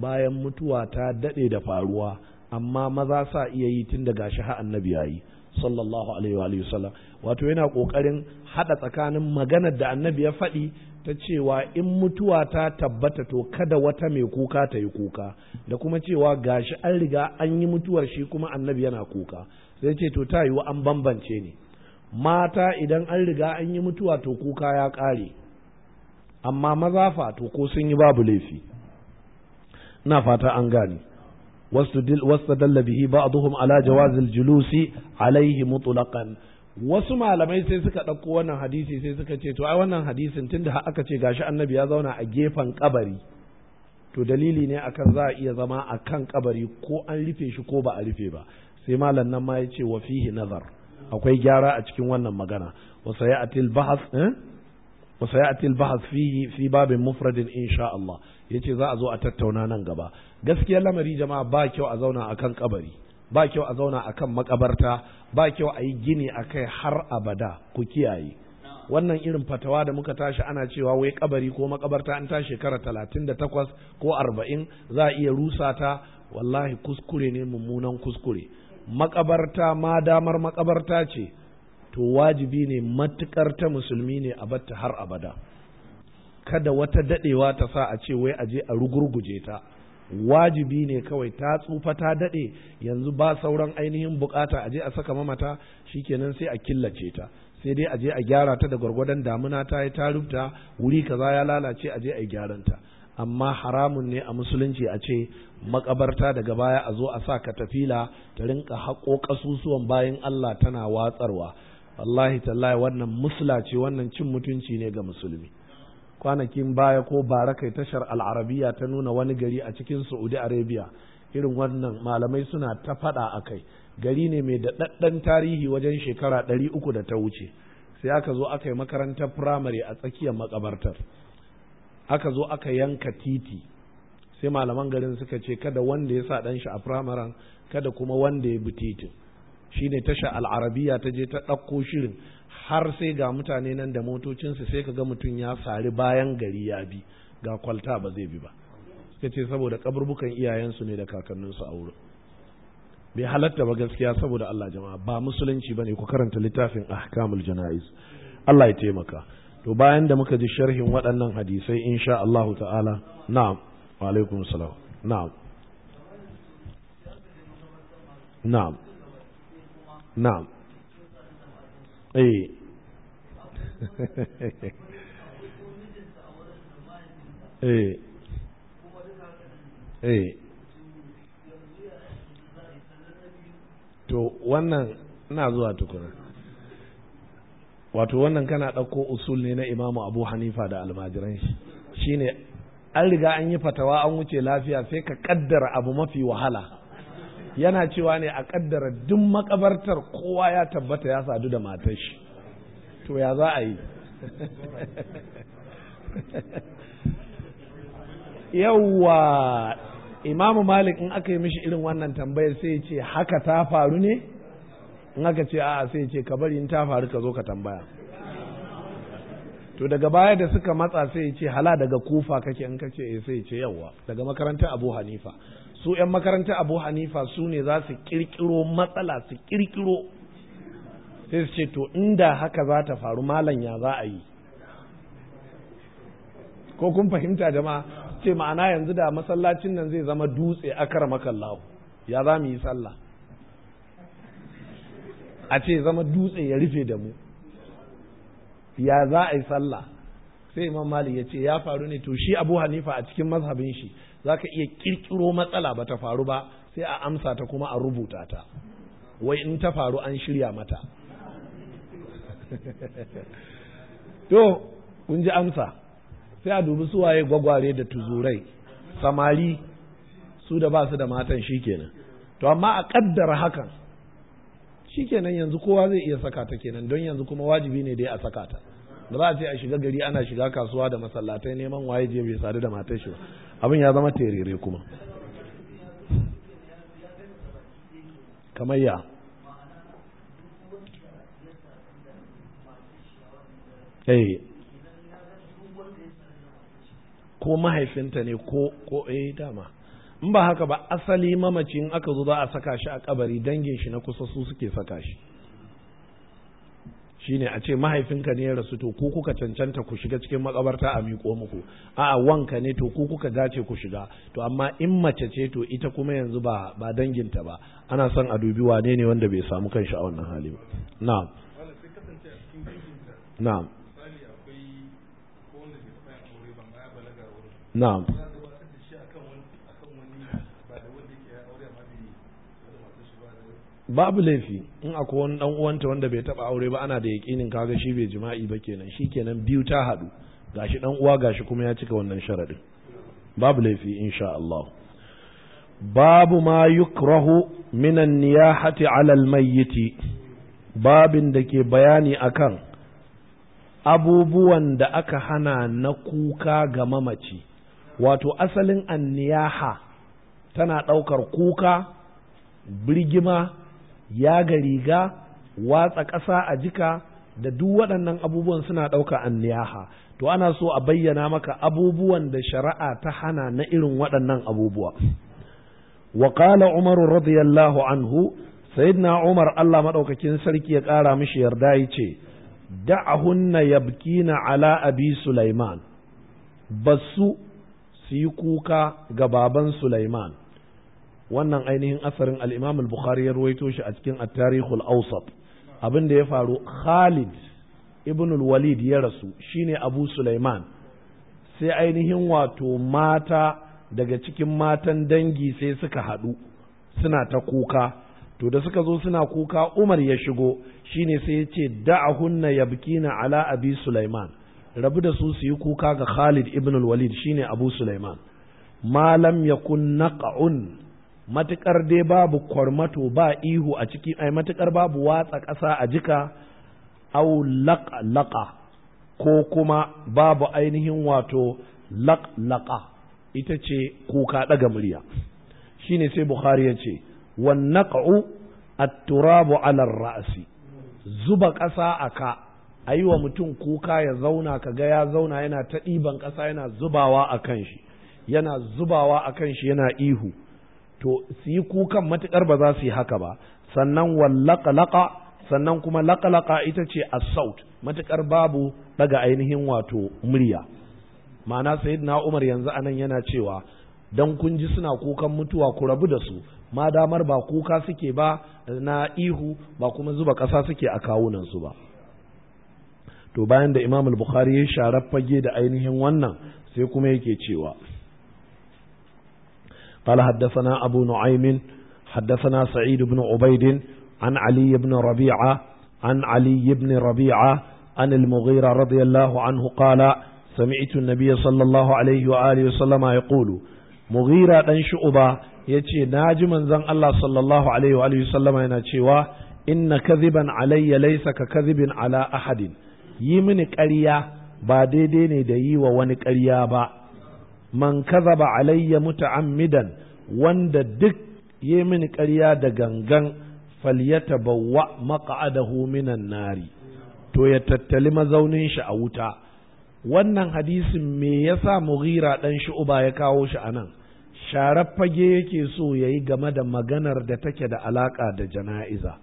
S1: bayan mutuwa ta daɗe da faruwa amma maza sa iya yi tun da gashi ha annabi yayi sallallahu alaihi wa sallam wato yana kokarin haɗa tsakanin maganar da annabi ya faɗi ta cewa in mutuwa ta tabbata to kada wata mai kuka ta yi kuka da kuma cewa gashi an riga an yi mutuwar shi kuma annabi yana kuka sai ce to ta yiwu an bambance ne mata idan an riga an yi mutuwa to kuka ya ƙare amma maza fa to ko sun yi babu laifi ina fata an gane wastadalla bihi ba'dhum ala jawazil julusi alaihi mutlaqan wasu malamai sai suka ɗauko wannan hadisi sai suka ce to ai wannan hadisin tunda aka ce gashi annabi ya zauna a gefen kabari to dalili ne akan za a iya zama a kan kabari ko an rufe shi ko ba a rufe ba sai malam nan ma ya ce wa fihi nazar akwai gyara a cikin wannan magana wa sayatil eh? Mu sayati al-bahth fihi fi babin mufradin insha Allah yace za a zo a tattauna nan gaba Gaskiya lamari jama'a ba kyau a zauna akan kabari ba kyau a zauna akan makabarta ba kyau a yi gini akai har abada ku kiyaye wannan irin fatawa da muka tashi ana cewa wai kabari ko makabarta an ta shekara talatin da takwas ko arba'in za a iya rusa ta wallahi kuskure ne mummunan kuskure Maƙabarta, ma damar makabarta ce to wajibi ne matukar ta musulmi ne a batta har abada kada wata dadewa ta sa a ce wai aje a rugurguje ta wajibi ne kawai ta tsufa ta dade yanzu ba sauran ainihin bukata aje a saka mamata shikenan sai a killace ta sai dai aje a gyara ta da gwargwadon damuna ta yi ta wuri kaza ya lalace aje je a gyaran ta amma haramun ne a musulunci a ce makabarta daga baya a zo a sa katafila ta rinka haƙo ƙasusuwan bayan Allah tana watsarwa wallahi tallahi wannan musla ce wannan cin mutunci ne ga musulmi kwanakin baya ko bara kai tashar al'arabiya ta nuna wani gari a cikin saudi arabia irin wannan malamai suna ta faɗa a kai gari ne mai da daɗaɗɗen tarihi wajen shekara ɗari uku da ta wuce sai aka zo aka yi makarantar firamare a tsakiyar makabartar aka zo aka yanka titi sai malaman garin suka ce kada wanda ya sa ɗan shi a firamaren kada kuma wanda ya bi titin Shi ne tasha al'arabiya ta je ta ɗauko shirin har sai ga mutane nan da motocinsu sai ka ga mutum ya sari bayan gari ya bi ga kwalta ba zai bi ba suka ce saboda kaburbukan iyayensu ne da kakanninsu a wurin bai halatta ba gaskiya saboda Allah jama'a ba musulunci ba ne ku karanta littafin ahkamul jana'iz Allah ya taimaka to bayan da muka ji sharhin waɗannan hadisai insha Allah ta'ala na'am wa alaikum salam na'am na'am نعم اي اي اي to wannan ina zuwa tukuna wato wannan kana ɗauko usul ne na Imam abu hanifa da almajiran shi shine an riga an yi fatawa an wuce lafiya sai ka kaddara abu mafi wahala yana cewa ne a kaddara duk makabartar kowa ya tabbata ya sadu da matar shi to ya za a yi yawwa imamu malik in aka yi mishi irin wannan tambayar sai ce haka ta faru ne in aka ce a'a sai ce ka bari in ta faru ka zo ka tambaya to daga baya da suka matsa sai ce hala daga kufa kake in kace eh sai ce yawwa daga makarantar abu hanifa su 'yan makarantar abu hanifa su ne za su kirkiro matsala su kirkiro sai su ce to inda haka za ta faru malam ya za a yi ko kun fahimta jama'a ce ma'ana yanzu da masallacin nan zai zama dutse a makallahu ya za mu yi sallah a ce zama dutse ya rufe da mu ya za a yi sallah sai imam malik ya ce ya faru ne to shi abu hanifa a cikin mazhabin shi za ka iya kirkiro matsala ba ta faru ba sai a amsa ta kuma a rubuta ta wai in ta faru an shirya mata *laughs* to kun ji amsa sai a dubi suwaye gwagware da tuzurai samari su da ba su da matan shikenan to amma a kaddara hakan shi kenan yanzu kowa zai iya saka ta kenan don yanzu kuma wajibi ne dai a saka ta da za a ce a shiga gari ana shiga kasuwa da masallatai neman waye je bai sadu da matar shi abin ya zama terere kuma kamar ya eh ko mahaifinta ne ko ko eh dama in ba haka ba asali mamaci in aka zo za a saka shi a kabari dangin shi na kusa su suke saka shi shine a ce mahaifinka ne ya rasu to ku kuka cancanta ku shiga cikin makabarta a miƙo muku a'a wanka ne to ku kuka dace ku shiga to amma in mace ce to ita kuma yanzu ba ba danginta ba ana son a dubi wane ne wanda bai samu kanshi a wannan hali ba na'am na'am na'am babu laifi in akwai wani dan uwanta wanda bai taba aure ba ana da yakinin kaga shi bai jima'i ba kenan shi kenan biyu ta haɗu gashi dan uwa gashi kuma ya cika wannan sharadin babu laifi insha Allah babu ma yukrahu an niyahati ala al-mayyit babin da ke bayani akan abubuwan da aka hana na kuka ga mamaci wato asalin anniyaha tana ɗaukar kuka birgima Ya ga riga watsa ƙasa a jika da duk waɗannan abubuwan suna ɗauka anniyaha to ana so a bayyana maka abubuwan da shari'a ta hana na irin waɗannan abubuwa wa qala umaru radiyallahu anhu sayyidina umar Allah madaukakin sarki ya ƙara mishi yarda yace da'ahunna yabkina ala abi sulaiman basu su yi kuka ga baban sulaiman wannan ainihin asarin al-Imam al-Bukhari ya ruwaito shi a cikin at-Tarikh al-Awsat abin da ya faru Khalid ibn al-Walid ya rasu shine Abu Sulaiman sai ainihin wato mata daga cikin matan dangi sai suka haɗu suna ta kuka to da suka zo suna kuka Umar ya shigo shine sai ya ce da'ahunna yabkina ala Abi Sulaiman rabu da su su yi kuka ga Khalid ibn al-Walid shine Abu Sulaiman ma lam yakun naq'un matuƙar dai babu kwarmato ba ihu a ciki ai matuƙar babu watsa ƙasa a jika au laƙa ko kuma babu ainihin wato laƙa ita ce kuka ɗaga murya shine sai bukhari ya ce wan naq'u at-turabu 'ala ar zuba ƙasa aka ka a yi wa mutum kuka ya zauna ka ga ya zauna yana ta ɗiban ƙasa yana zubawa a kan shi yana zubawa a kan shi yana ihu to su yi kukan matuƙar ba za su yi haka ba sannan laƙa-laƙa sannan kuma laƙalaƙa ita ce a assaut matuƙar babu daga ainihin wato murya ma'ana na umar yanzu anan yana cewa don kun ji suna kukan mutuwa ku rabu da su ma damar ba kuka suke ba na ihu ba kuma zuba ƙasa suke a kawunan su ba to bayan da imam al-bukhari ya sharar fage da ainihin wannan sai kuma yake cewa قال حدثنا أبو نعيم حدثنا سعيد بن عبيد عن علي بن ربيعة عن علي بن ربيعة عن المغيرة رضي الله عنه قال سمعت النبي صلى الله عليه وآله وسلم يقول مغيرة دان شعبة يتي ناجي من زن الله صلى الله عليه وآله وسلم يناتشيوا إن كذبا علي ليس ككذب على أحد يمن قرية ba daidai ne da yi wa wani ƙarya ba man kazaba alayya muta'ammidan wanda duk ya mini ƙarya da gangan falyata falyatabawwa maq'adahu minan nari to ya tattali mazaunin shi a wuta wannan hadisin me yasa mughira dan uba ya kawo shi anan sharar fage yake so yayi game da maganar da take da alaƙa da jana'iza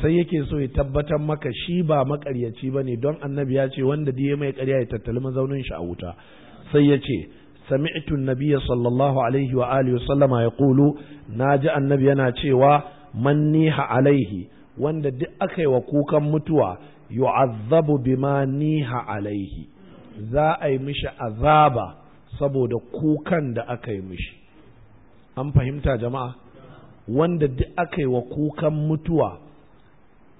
S1: sai yake so ya tabbatar maka shi ba maƙaryaci ba ne don annabi ya ce wanda diye mai ƙarya ya tattali mazaunin shi a wuta sai ya ce سمعت النبي صلى الله عليه وآله وسلم يقول ناجى النبي أنا تشيوى من نيح عليه وند أكي وكوكا متوى يعذب بما نيح عليه ذا أي مش أذابا saboda kukan da aka yi mishi an fahimta jama'a wanda duk aka yi wa kukan mutuwa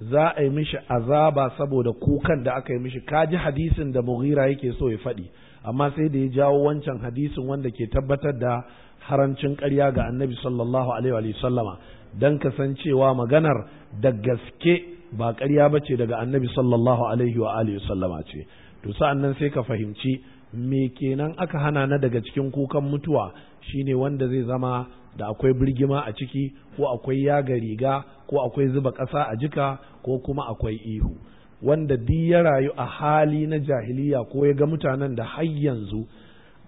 S1: za a yi mishi azaba saboda kukan da aka yi mishi kaji hadisin da mughira yake so ya faɗi amma sai da ya jawo wancan hadisin wanda ke tabbatar da harancin karya ga annabi sallallahu alaihi wa sallama don kasancewa maganar da gaske ba karya ba ce daga annabi sallallahu alaihi wa sallama ce to sa'an nan sai ka fahimci me kenan aka hana na daga cikin kukan mutuwa shine wanda zai zama da akwai birgima a ciki ko akwai yaga riga ko akwai zuba ƙasa a jika ko kuma akwai ihu wanda duk ya rayu a hali na jahiliya ko ya ga mutanen da har yanzu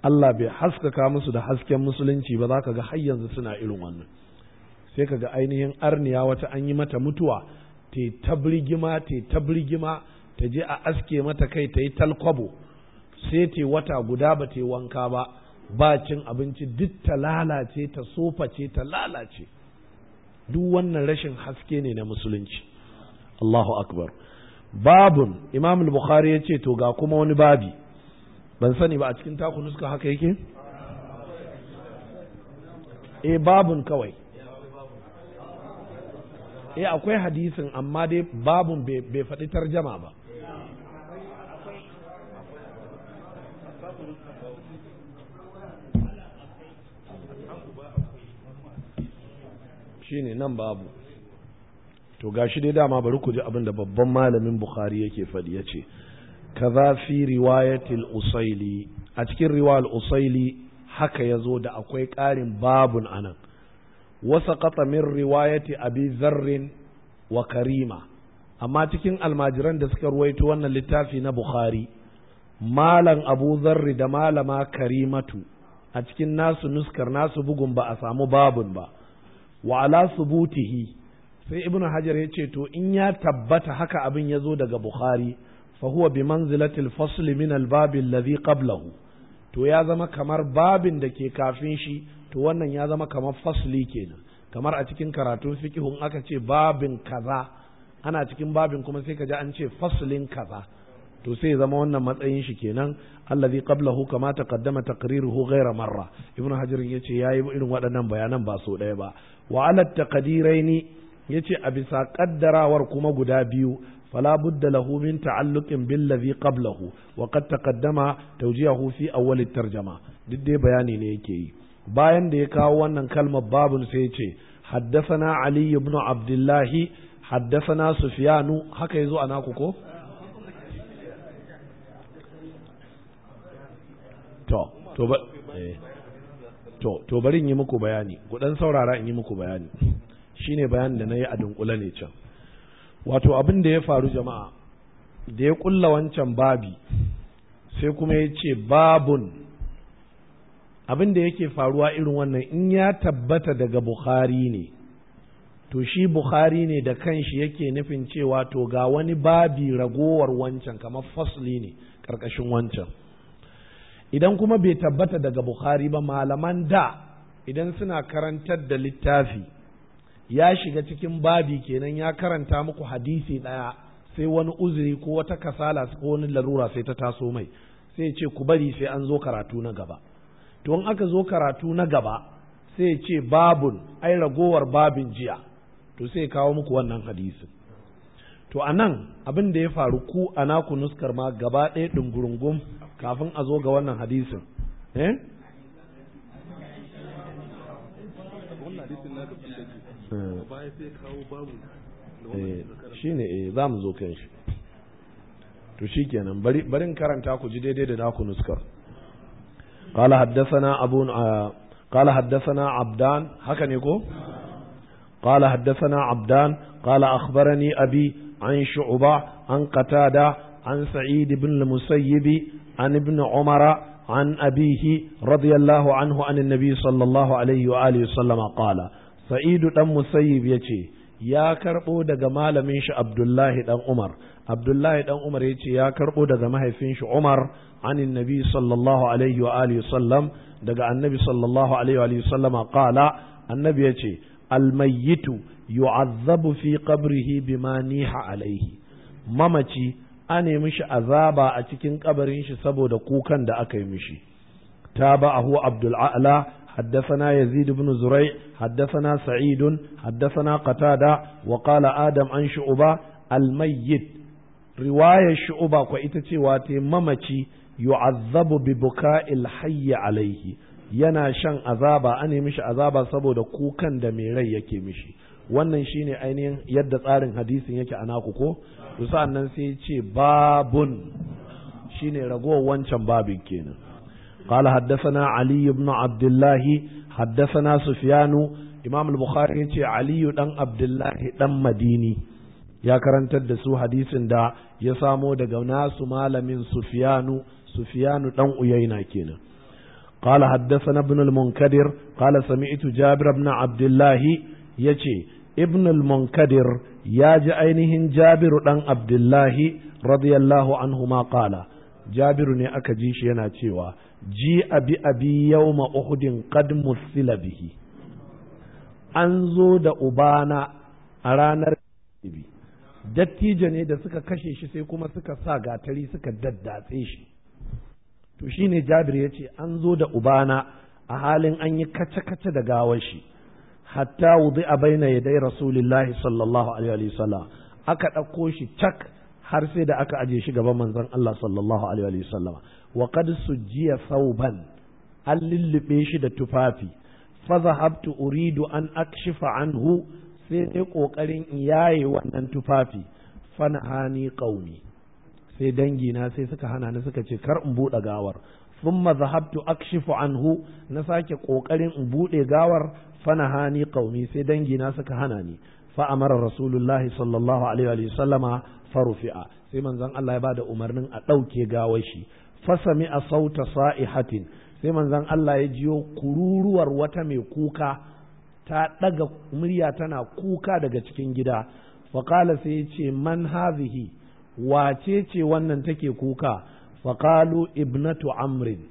S1: Allah bai haskaka musu da hasken musulunci ba za ka ga har yanzu suna irin wannan sai ka ga ainihin arniya wata an yi mata mutuwa te ta birgima te ta birgima ta je a aske mata kai ta yi talkwabo sai te wata guda ba te wanka ba ba cin abinci duk ta lalace ta soface ta lalace duk wannan rashin haske ne na musulunci Allahu akbar babun imam al-bukhari ya ce to ga kuma wani babi ban sani ba a cikin taku nuska haka yake eh babun kawai eh akwai hadisin amma dai babun bai faɗi tarjama ba shine nan babu to gashi dai dama bari ku ji abin da babban malamin bukhari yake faɗi ya ce kaza fi riwayatil usaili a cikin riwayal usaili haka ya zo da akwai ƙarin babun anan wasa ƙasa min riwayati abi zarrin wa karima amma cikin almajiran da suka ruwaito wannan littafi na bukhari malam abu zarri da malama karimatu a cikin nasu nuskar nasu bugun ba a samu babun ba wa ala subutihi sai ibnu hajar ya ce to in ya tabbata haka abin ya zo daga bukhari fa huwa bi manzilatil fasl min al bab alladhi qablahu to ya zama kamar babin da ke kafin shi to wannan ya zama kamar fasli kenan kamar a cikin karatun fiqhun aka ce babin kaza ana cikin babin kuma sai ka ji an ce faslin kaza to sai zama wannan matsayin shi kenan allazi qablahu kama taqaddama taqriruhu ghayra marra ibnu hajar yace yayi irin waɗannan bayanan ba so ɗaya ba wa ala taqdiraini yace a bisa kaddarawar kuma guda biyu fala budda lahu min ta'alluqin bil ladhi qablahu wa qad taqaddama tawjihu fi awwal at-tarjuma duk dai bayani ne yake yi bayan da ya kawo wannan kalmar babun sai yace haddathana ali ibn abdullahi haddathana sufyan haka yazo ana ku ko to to to to bari in yi muku bayani ku dan saurara in yi muku bayani shine bayanin da nayi a dunkule ne can wato abin da ya faru jama'a da ya kulla wancan babi sai kuma ya ce babun abin da yake faruwa irin wannan in ya tabbata daga bukhari ne to shi bukhari ne da kanshi yake nufin cewa to ga wani babi ragowar wancan kamar fasli ne ƙarƙashin wancan idan kuma bai tabbata daga bukhari ba malaman da idan suna karantar da littafi ya shiga cikin babi kenan ya karanta muku hadisi ɗaya sai wani uzuri ko wata kasala ko wani larura sai ta taso mai sai ce ku bari sai an zo karatu na gaba to in aka zo karatu na gaba sai ce babun ai ragowar babin jiya to sai kawo muku wannan hadisin to anan abin da ya faru ku a naku nuskar ma gaba ɗaya ɗungurungun kafin a zo ga wannan hadisin eh?
S2: Eh, shi
S1: ne eh, za mu zo kan shi to shi kenan barin karanta ku ji daidai da naku nuskar قال حدثنا أبو قال حدثنا عبدان هكنيكو قال حدثنا عبدان قال أخبرني أبي عن شعبة عن قتادة عن سعيد بن المسيب عن ابن عمر عن أبيه رضي الله عنه عن النبي صلى الله عليه وآله وسلم قال سعيد دم مسيب يتي ya karɓo daga malamin shi Abdullahi ɗan Umar. Abdullahi ɗan Umar ya ce ya karɓo daga mahaifin shi Umar anin nabi sallallahu alaihi wa sallam daga annabi sallallahu alaihi wa alihi sallama annabi ya ce almayyitu yu'azzabu fi qabrihi bima niha alaihi mamaci a nemi shi azaba a cikin kabarin shi saboda kukan da aka yi mishi ta ba a huwa abdul haddasana yazid ibn zurai haddasana Sa'idun, haddasana Katada, wa adam an Shu'uba, Almayyid, riwaya Shu'uba kwa ita ce wato mamaci yu'azzabu bi buka'il hayy alayhi yana shan azaba an nemi shi azaba saboda kukan da mai rai yake mishi wannan shine ainihin yadda tsarin hadisin yake a naku ko to sa'annan sai ce babun shine ragowar wancan babin kenan قال حدثنا Aliyu بن عبد الله حدثنا سفيان امام البخاري يتي ce Aliyu عبد Abdullahi دان madini ya karantar da su hadisin da ya samo daga nasu malamin sufyanu sufyanu dan uyaina kenan قال حدثنا ابن المنكدر قال سمعت جابر بن عبد الله يجي ibn al ya ji ainihin jabiru ɗan abdullahi radiyallahu anhu ma qala jabiru ne aka ji shi yana cewa ji abi abi yawma uhudin qad musila bihi an zo da ubana a ranar dattijo ne da suka kashe shi sai kuma suka sa gatari suka daddatse shi to shine jabir ya ce an zo da ubana a halin an yi kace-kace da gawar shi hatta wudi a baina ya dai rasulillahi sallallahu alaihi wasallam aka ɗauko shi cak har sai da aka aje shi gaban manzon Allah sallallahu alaihi wa sallama wa qad sujiya thawban an lullube shi da tufafi fa zahabtu uridu an akshifa anhu sai dai kokarin in yaye wannan tufafi fanahani qaumi sai dangi na sai suka hana ni suka ce kar in buɗe gawar thumma zahabtu akshifu anhu na sake kokarin in buɗe gawar fanahani qaumi sai dangi na suka hana ni fa amara rasulullahi sallallahu alaihi wa sallama farufi'a sai manzon Allah ya bada umarnin a dauke gawar shi fasami a sauta sa'ihatin sai manzon Allah ya jiyo kururuwar wata mai kuka ta daga murya tana kuka daga cikin gida faqala sai ya ce man hazihi wace ce wannan take kuka faqalu ibnatu amrin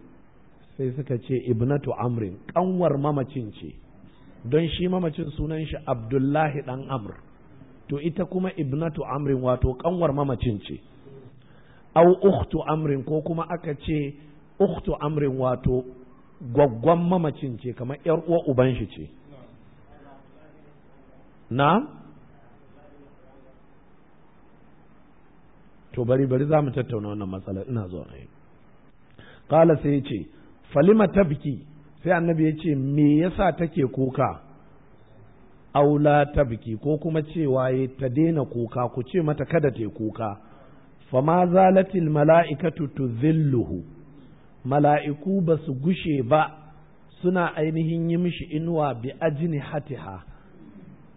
S1: sai suka ce ibnatu amrin kanwar mamacin ce don shi mamacin sunan shi abdullahi dan amr to ita kuma ibnatu amrin wato kanwar mamacin ce au ukhtu amrin ko kuma aka ce ukhtu amrin wato gwaggwan mamacin ce kamar yar uwa uban shi ce na to bari bari za mu tattauna wannan matsalar ina zuwa ne qala sai ce falima tabki sai annabi ya ce me yasa take kuka aula ta biki ko kuma cewa ya ta daina kuka ku ce mata kada ta kuka fama zalatil mala'ikatu tuzilluhu mala'iku ba su gushe ba suna ainihin yi mishi inuwa bi ajini hatiha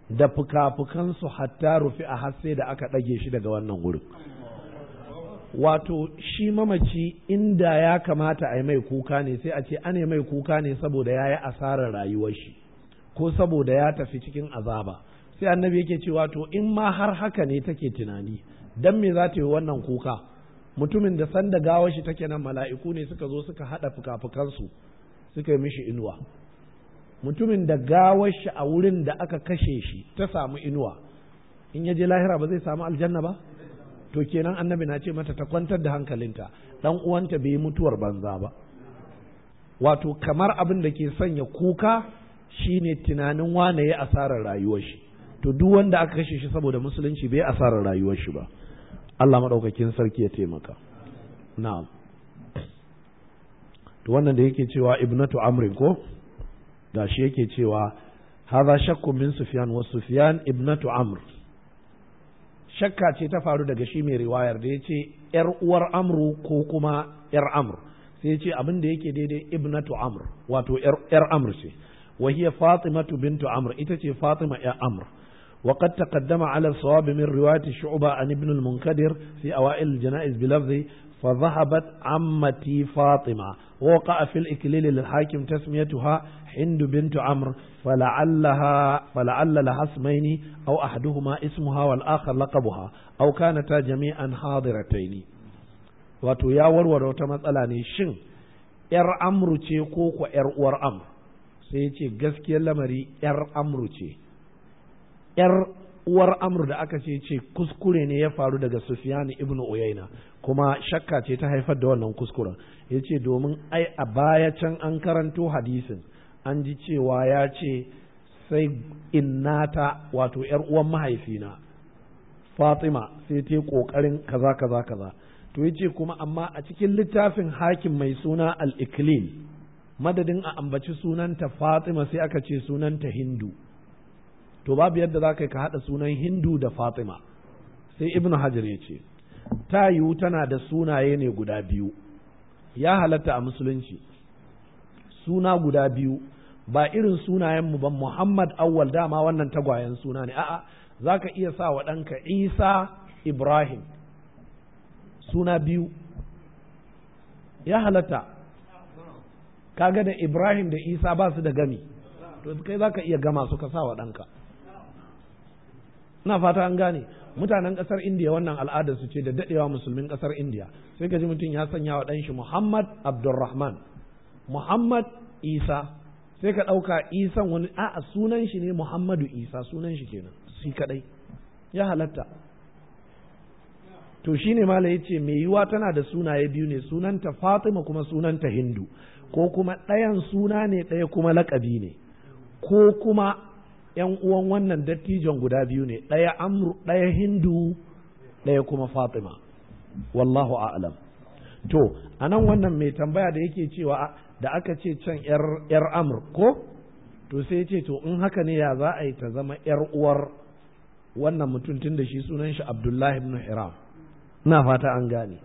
S1: da fuka-fukansu hatta rufi a hasse da aka ɗage shi daga wannan wurin wato shi mamaci inda ya kamata a yi mai kuka ne sai a ce an mai kuka ne saboda ya yi asarar rayuwar shi ko saboda ya tafi cikin azaba sai annabi yake cewa to in ma har haka ne take tunani dan me za ta yi wannan kuka mutumin da sanda gawar shi take nan mala'iku ne suka zo suka hada fukafukansu suka yi mishi inuwa mutumin da gawar shi a wurin da aka kashe shi ta samu inuwa in ya je lahira ba zai samu aljanna ba to kenan annabi na ce mata ta kwantar da hankalinta dan uwanta bai mutuwar banza ba wato kamar abin da ke sanya kuka shine tunanin wane ya asarar rayuwar shi to duk wanda aka kashe shi saboda musulunci bai asarar rayuwar shi ba Allah madaukakin sarki ya taimaka na'am to wannan da yake cewa ibnatu amrin ko da shi yake cewa hadha shakku min sufyan wa sufyan ibnatu amr shakka ce ta faru daga shi mai riwayar da ya ce ‘yar uwar amru ko kuma ‘yar amru sai ya ce abin da yake daidai ibnatu amr wato ‘yar amr ce wa hiya fatimatu bintu amr ita ce fatima ‘yar amr وقد تقدم على الصواب من رواية شعبة عن ابن المنكدر في أوائل الجنائز بلفظ فذهبت عمتي فاطمة وقع في الإكليل للحاكم تسميتها هند بنت عمرو فلعلها فلعل لها اسمين أو أحدهما اسمها والآخر لقبها أو كانتا جميعا حاضرتين wato ya warware wata matsala ne shin ‘yar amru ce ko ku ‘yar uwar amru. sai ya ce gaskiyar lamari ‘yar amru ce ‘yar uwar amru da aka ce ce kuskure ne ya faru daga sufiyani ibn uyaina kuma shakka ce ta haifar da wannan kuskuren ya ce domin ai a baya can an karanto hadisin an ji cewa ya ce sai innata wato uwan mahaifina fatima sai ta yi ƙoƙarin kaza kaza kaza to ya ce kuma amma a cikin littafin hakim mai suna al-iklil madadin a ambaci sunanta fatima sai aka ce sunanta hindu to babu yadda za ka haɗa sunan hindu da fatima sai ibnu hajar ya ce ta yiwu tana da sunaye ne guda biyu ya halatta a musulunci suna guda biyu ba irin sunayenmu ba Muhammad awwal dama wannan tagwayen suna ne a'a za ka iya sa wa ɗanka Isa Ibrahim suna biyu ya halatta kaga da Ibrahim da Isa ba su da gami to kai za ka iya gama su ka sa wa ɗanka ina fata an gane mutanen kasar indiya wannan al'adar su ce da dadewa musulmin kasar indiya sai ka ji mutum ya sanya wa ɗanshi muhammad abdurrahman muhammad isa sai ka ɗauka isan wani a'a sunan shi ne muhammadu isa sunan shi kenan shi kadai ya halatta to shine mala ya ce mai yiwa tana da sunaye biyu ne sunanta fatima kuma sunanta hindu ko kuma ɗayan suna ne ɗaya kuma lakabi ne ko kuma 'yan uwan wannan dattijon guda biyu ne ɗaya amru ɗaya hindu ɗaya kuma fatima wallahu a'lam to a nan wannan mai tambaya da yake cewa da aka ce can 'yar amr ko to sai ce to in haka ne ya za a yi ta zama 'yar uwar wannan mutum tun da shi sunan shi abdullahi ibn hiram na fata an gane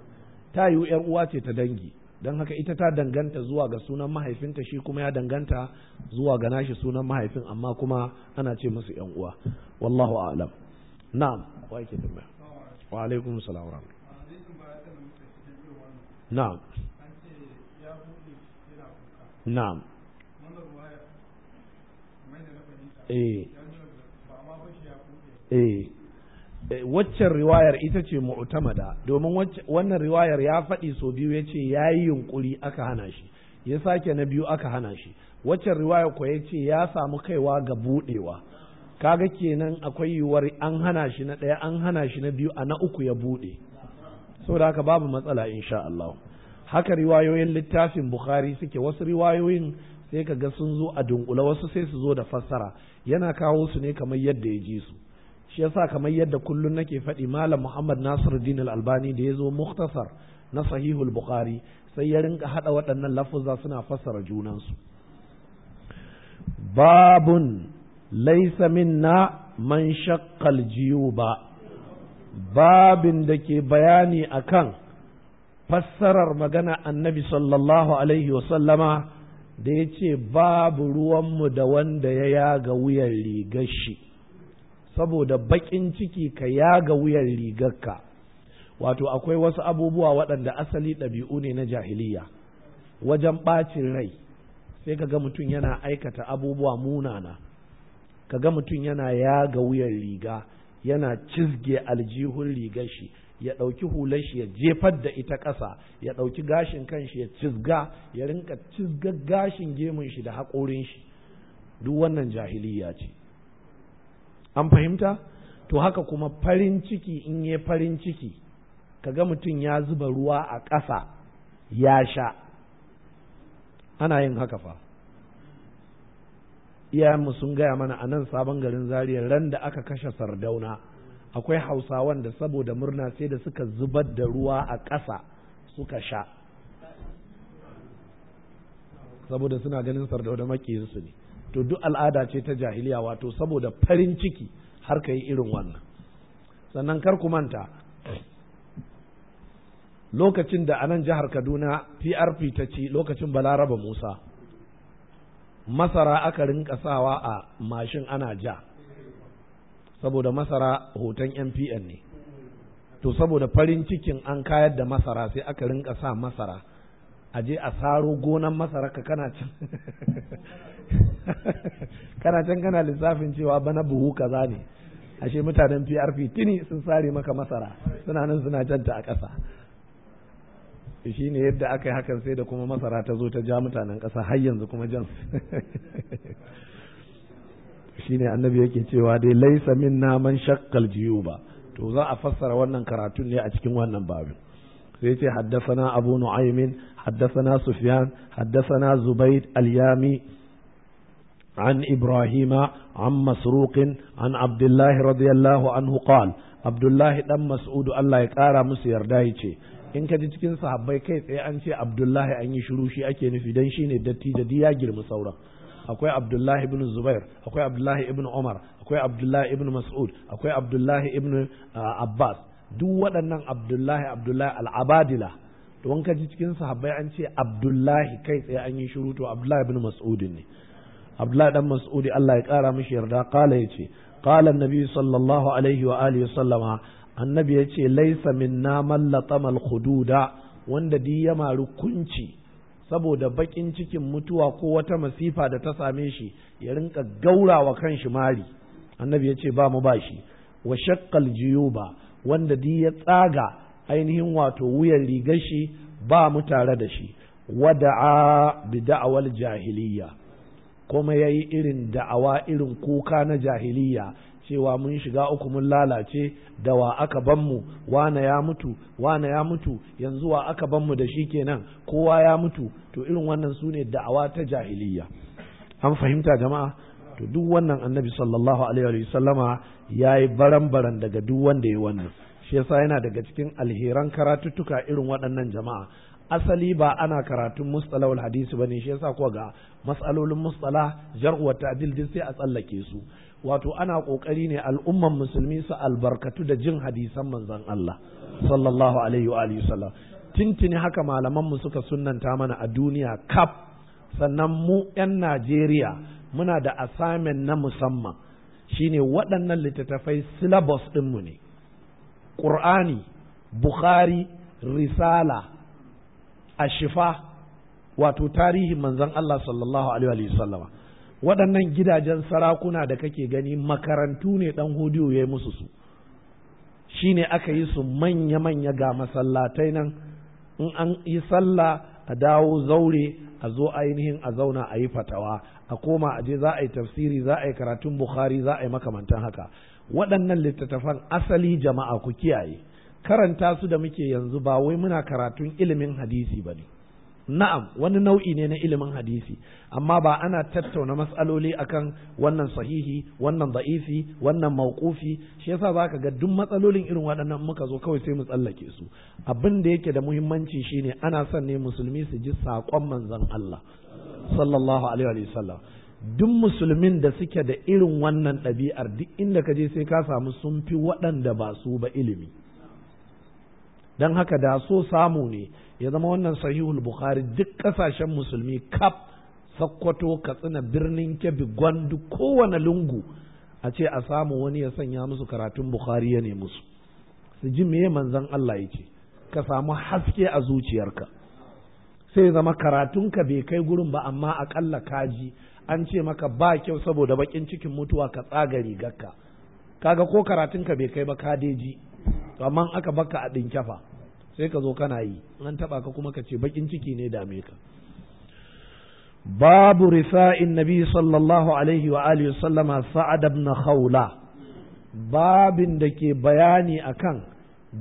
S1: ta yiwu 'yar uwa ce ta dangi don haka ita ta danganta zuwa ga sunan mahaifinta shi kuma ya danganta zuwa ga nashi sunan mahaifin amma kuma ana ce musu yan uwa wallahu a'lam na'am wa yake tambaya wa alaikum salam wa na'am na'am eh eh Eh, waccan riwayar ita ce mu'tamada domin wannan riwayar ya faɗi so biyu ya ce ya yi yunƙuri aka hana shi ya sake na biyu aka hana shi waccan riwayar ko ya ce ya samu kaiwa ga buɗewa kaga kenan akwai yiwuwar an hana shi na ɗaya an hana shi na biyu a na uku ya buɗe saboda haka babu matsala insha Allah haka riwayoyin littafin Bukhari suke wasu riwayoyin sai kaga sun zo a dunkule wasu sai su zo da fassara yana kawo su ne kamar yadda ya ji su shi yasa kamar yadda kullum nake faɗi malam Muhammad Nasiruddin Al-Albani da ya zo muktasar na Sahihul Bukhari sai ya rinka haɗa waɗannan lafuzza suna fassara junansu babun laisa minna man shakkal ba, babin da ke bayani a kan fassarar magana annabi sallallahu alaihi wasallama da ya ce babu ruwanmu da wanda ya yaga wuyan rigar shi saboda baƙin ciki ka yaga wuyan rigarka wato akwai wasu abubuwa waɗanda asali ɗabi'u ne na jahiliya wajen ɓacin rai sai ka ga mutum yana aikata abubuwa munana ka ga mutum yana yaga wuyan riga yana cizge aljihun rigar shi ya ɗauki hular shi ya jefar da ita ƙasa ya ɗauki gashin kanshi ya cizga ya rinka cizga gashin gemun shi da haƙorin shi duk wannan jahiliya ce an fahimta to haka kuma farin ciki in yi farin ciki ka ga mutum ya zuba ruwa a ƙasa ya sha ana yin haka fa iyayenmu sun gaya mana a nan sabon garin zariya ran da aka kashe sardauna akwai hausawan da saboda murna sai da suka zubar da ruwa a ƙasa suka sha saboda suna ganin sardauna makiyinsu ne to duk al'ada ce ta jahiliya wato saboda farin ciki har ka yi irin wannan sannan kar ku manta lokacin da a nan jihar kaduna prp ta ci lokacin balaraba musa masara aka rinka sawa a mashin ana ja saboda masara hoton mpn ne to saboda farin cikin an kayar da masara sai aka rinka sa masara a je a saro gonan masararka kana can *laughs* kana can kana lissafin cewa bana buhu kaza ne ashe mutanen PRP tini sun sare maka masara suna nan suna janta a ƙasa shi ne yadda aka yi hakan sai da kuma masara ta zo ta ja mutanen ƙasa har yanzu kuma jan *laughs* shi ne annabi yake cewa dai laisa min naman shakkal jiyu ba to za a fassara wannan karatun ne a cikin wannan babin sai ce haddasana abu nu'aymin haddasana sufyan haddasana zubayd al-yami عن an عن مسروق عن عبد الله رضي الله عنه قال عبد الله دم مسعود الله يقارى مسير in ka ji cikin sahabbai kai tsaye an ce abdullahi an yi shiru shi ake nufi dan shine dattijo ya girma sauran akwai abdullahi ibn zubair akwai abdullahi ibn umar akwai abdullahi ibn mas'ud akwai abdullahi ibn ah, abbas duk waɗannan abdullahi abdullahi al'abadila to wanka ji cikin sahabbai an ce abdullahi kai tsaye an yi shiru to abdullahi bin mas'udi ne abdullahi dan mas'udi Allah ya kara mishi yarda kala ce qala annabi sallallahu alaihi wa alihi sallama annabi yace laisa minna man latama khududa wanda di ya maru kunci saboda bakin cikin mutuwa ko wata masifa da ta same shi ya rinka gaurawa kanshi mari annabi ya ce ba mu ba shi wa shaqqal juyuba wanda di ya tsaga ainihin wato wuyan rigar shi ba mu tare da shi wada'a bi da'awal jahiliya kuma ya yi irin da'awa irin kuka na jahiliya cewa mun shiga uku mun lalace da wa aka ban mu wane ya mutu wane ya mutu yanzu wa aka ban mu da shi kenan kowa ya mutu to irin wannan su ne da'awa ta jahiliya an fahimta jama'a to duk wannan annabi sallallahu alaihi wa sallama yayi baran baran daga duk wanda ya wannan shi yasa yana daga cikin alheran karatuttuka irin waɗannan jama'a asali ba ana karatun mustalahul hadisi bane shi yasa kuwa ga mas'alolin mustalah jar'u wa ta'dil din sai a tsallake su wato ana kokari ne al'umman musulmi su albarkatu da jin hadisan manzon Allah sallallahu alaihi wa alihi sallam tintini haka malaman mu suka sunnanta mana a duniya kaf sannan mu yan Najeriya muna da assignment na musamman shine waɗannan littattafai syllabus ɗinmu ne ƙur'ani bukhari risala ashifa wato tarihi manzan Allah sallallahu alaihi sallama waɗannan gidajen sarakuna da kake gani makarantu ne ɗan hudu ya yi musu su shine aka yi su manya-manya ga masallatai nan in an yi sallah a dawo zaure a zo ainihin a zauna a yi fatawa a koma a je za a yi tafsiri za a yi karatun bukhari za a yi makamantan haka waɗannan littattafan asali jama'a ku kiyaye karanta su da muke yanzu ba wai muna karatun ilimin hadisi ba ne na'am wani nau'i ne na ilimin hadisi amma ba ana tattauna matsaloli akan wannan sahihi wannan da'ifi wannan mauqufi shi yasa zaka ga duk matsalolin irin waɗannan muka zo kawai sai mu tsallake su abin da yake da muhimmanci shine ana son ne musulmi su ji saƙon manzon Allah sallallahu alaihi wa sallam duk musulmin da suke da irin wannan ɗabi'ar duk inda ka je sai ka samu sun fi waɗanda ba su ba ilimi don haka da so samu ne ya zama wannan sahihul bukhari duk kasashen musulmi kaf sakkwato katsina birnin kebbi gwandu kowane lungu a ce a samu wani ya sanya musu karatun bukhari ya ne musu su ji meye manzan Allah ya ce ka samu haske a zuciyarka sai zama karatunka bai kai gurin ba amma akalla kaji an ce maka ba kyau saboda bakin cikin mutuwa ka tsaga rigarka kaga ko karatunka bai kai ba ka ji. amma aka baka a ɗin kyafa sai ka zo kana yi an taba ka kuma ka ce bakin ciki ne dame ka babu rifa'in nabi sallallahu alaihi wa alihi sallama sa'ad ibn khawla babin da ke bayani akan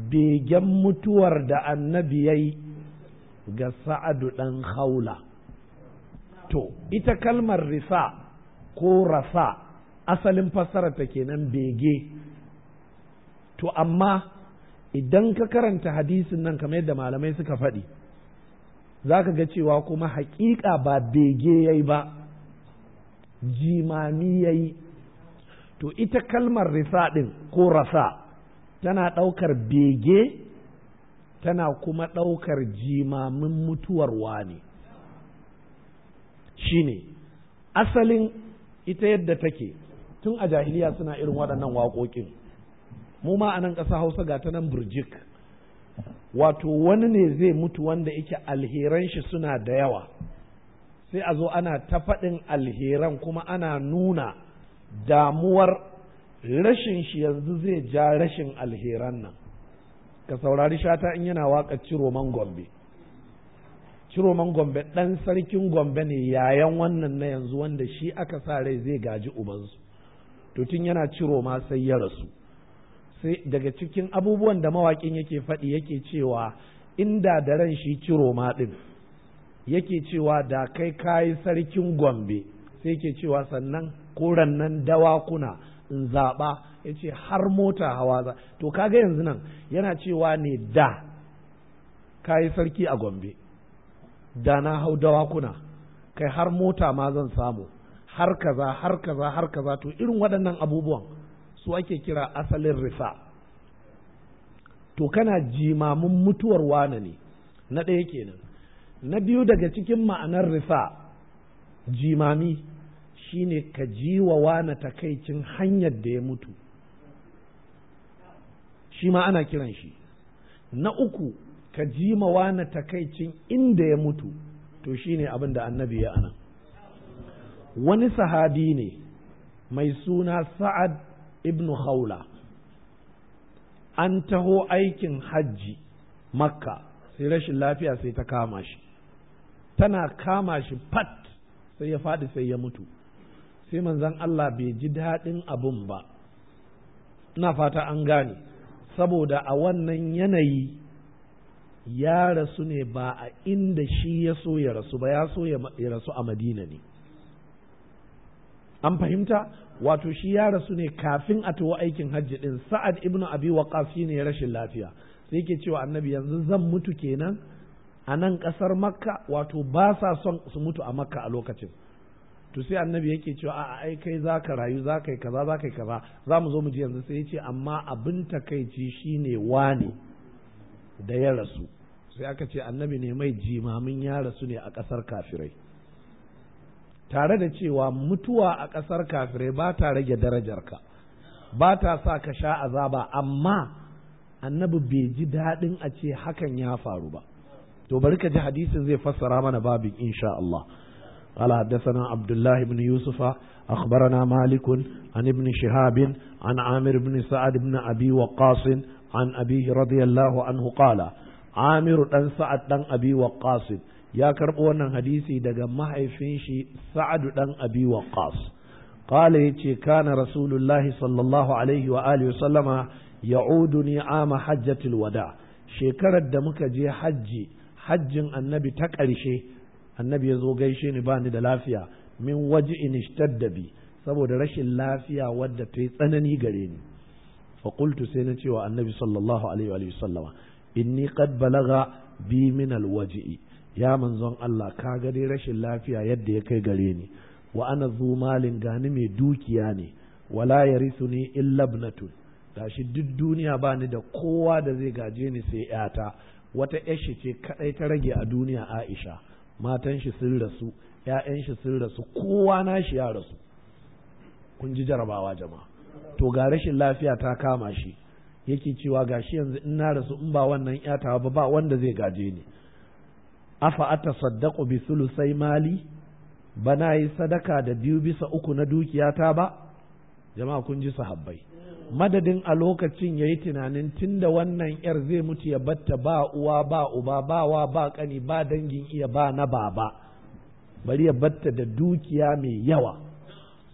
S1: begen mutuwar da annabi yayi ga sa'adu dan khawla to ita kalmar risa ko rasa asalin fassara ta kenan bege to amma idan ka karanta hadisin nan kamar yadda malamai suka faɗi za ka ga cewa kuma haƙiƙa ba bege ya yi ba jimami ya yi to ita kalmar risa ɗin ko rasa tana ɗaukar bege tana kuma ɗaukar jimamin mutuwar wani ne asalin ita yadda take tun a jahiliya suna irin waɗannan waƙoƙin mu ma a nan ƙasa hausa ga ta nan burjik wato wani ne zai mutu wanda yake alheran shi suna da yawa sai a zo ana ta faɗin alheran kuma ana nuna damuwar rashin shi yanzu zai ja rashin alheran nan ka saurari shata in yana waƙa ciroman gombe ciroman gombe ɗan sarkin gombe ne yayan wannan na yanzu wanda shi aka sa rai zai gaji ubansu to tun yana ma sai ya rasu sai daga cikin abubuwan da mawaƙin yake faɗi yake cewa inda da ran shi ciro ma ɗin yake cewa da kai kayi sarkin gombe sai yake cewa sannan koran nan dawakuna in zaɓa ya ce har mota hawa za to kaga yanzu nan yana cewa ne da kayi sarki a gombe da na hau dawakuna kai har mota ma zan samu har kaza har kaza har kaza to irin waɗannan abubuwan su ake kira asalin rifa to kana jimamin mutuwar wane ne na ɗaya kenan na biyu daga cikin ma'anar rifa jimami shine ka ji wa wane takaicin hanyar da ya mutu shi ma ana kiran shi na uku ka ji ma wane takaicin inda ya mutu to shine abin da annabi ya ana wani sahabi ne mai suna sa'ad ibnu haula an taho aikin hajji makka sai rashin lafiya sai ta kama shi tana kama shi fat sai ya faɗi sai ya mutu sai manzan Allah bai ji daɗin abun ba ina fata an gane saboda a wannan yanayi ya rasu ne ba a inda shi ya so ya rasu ba ya so ya rasu a madina ne an fahimta wato shi ya rasu ne kafin a tuwa aikin hajji ɗin sa'ad ibnu abi waqas ya rashin lafiya sai ke cewa annabi yanzu zan mutu kenan a nan ƙasar makka wato ba sa son su mutu a makka a lokacin to sai annabi yake cewa a ai kai za ka rayu za ka yi kaza za ka yi kaza za mu zo mu ji yanzu sai ya ce amma abin takaici shine wane da ya rasu sai aka ce annabi ne mai jimamin ya rasu ne a ƙasar kafirai tare da cewa mutuwa a ƙasar kafirai ba ta rage darajarka ba ta sa ka sha azaba amma annabi bai ji daɗin a ce hakan ya faru ba to bari ka ji hadisin zai fassara mana babin insha Allah قال حدثنا عبد الله بن يوسف أخبرنا مالك عن ابن شهاب عن عامر بن سعد بن أبي وقاص عن أبيه رضي الله عنه قال عامر بن سعد بن أبي وقاص ya karɓo wannan hadisi daga mahaifin shi sa'adu ɗan abi waqas qala yace kana rasulullahi sallallahu alaihi wa alihi sallama ya'uduni ama hajjatul wada shekarar da muka je hajji hajjin annabi ta ƙarshe annabi ya zo gaishe ni bani da lafiya min waji in bi saboda rashin lafiya wadda ta yi tsanani gare ni fa sai na cewa annabi sallallahu alaihi wa sallama inni qad balaga bi min alwaji'i ya manzon Allah ka gani rashin lafiya yadda ya kai gare ni wa ana zu malin gani mai dukiya ne wala yarisu ni illa ibnatun gashi duk duniya ba ni da kowa da zai gaje ni sai yata wata yashi ce kadai ta rage a duniya Aisha matan shi sun rasu ƴaƴan shi sun rasu kowa na shi ya rasu kun ji jarabawa jama'a to ga rashin lafiya ta kama shi yake cewa gashi yanzu in na rasu in ba wannan yata ba ba wanda zai gaje ni afa atasaddaqu bi sulusai mali bana yi sadaka da biyu bisa uku na dukiyata ba jama'a kun ji sahabbai madadin a lokacin yayi tunanin tunda wannan yar zai mutu ya batta ba uwa ba uba ba wa ba kani ba dangin iya ba na baba bari ya batta da dukiya mai yawa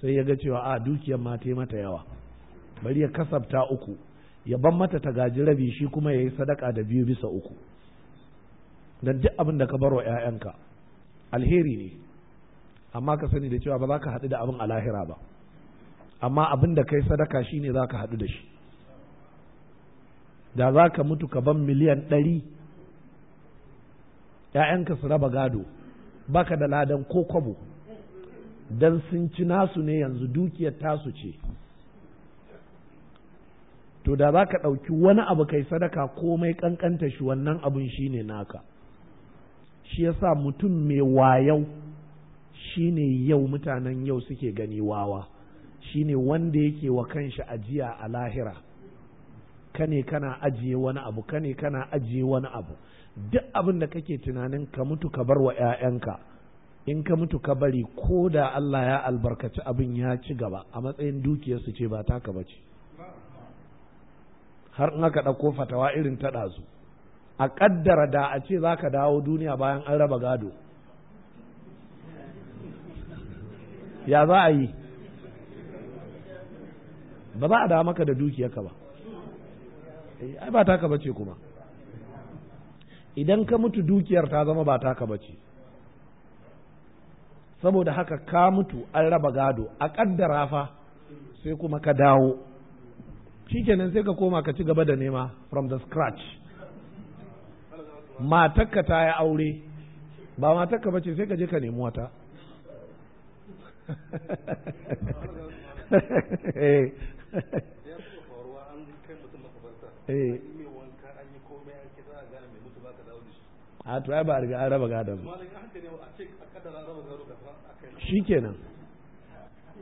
S1: sai ya ga cewa a dukiyar ma mata yawa bari ya kasabta uku ya ban mata ta gaji rabi shi kuma ya yi sadaka da biyu bisa uku dan duk abin da ka barwa ƴaƴanka alheri ne amma ka sani da cewa ba za ka haɗu da abin a lahira ba amma abin da kai sadaka shine za ka haɗu da shi da za ka mutu ka ban miliyan ɗari ‘ya'yanka su raba gado baka da ladan ko kwabo don sun ci nasu ne yanzu dukiyar tasu ce to da za ka ɗauki wani abu kai sadaka komai ƙanƙanta shi wannan abun shine naka shi yasa mutum mai wayau shine yau mutanen yau suke gani wawa shine wanda yake wa kanshi ajiya a lahira kane kana ajiye wani abu kane kana ajiye wani abu duk abin da kake tunanin ka mutu ka bar wa 'ya'yanka in ka mutu ka bari ko da Allah ya albarkaci abin ya ci gaba a matsayin dukiyarsu ce ba taka ba ce har in aka ɗauko fatawa irin ta ɗazu a ƙaddara da a ce za ka dawo duniya bayan an raba gado ya za a yi ba za a dawo maka da dukiyarka ba eh, ai ba taka bace kuma idan ka mutu dukiyar ta zama ba taka bace saboda haka ka mutu an raba gado a ƙaddara fa sai kuma ka dawo shikenan sai ka koma ka ci gaba da nema from the scratch matakka ta yi aure ba matakka ba ce sai ka je ka nemi wata *laughs* eh. Eh. a to ai ba a riga an raba gadon shi kenan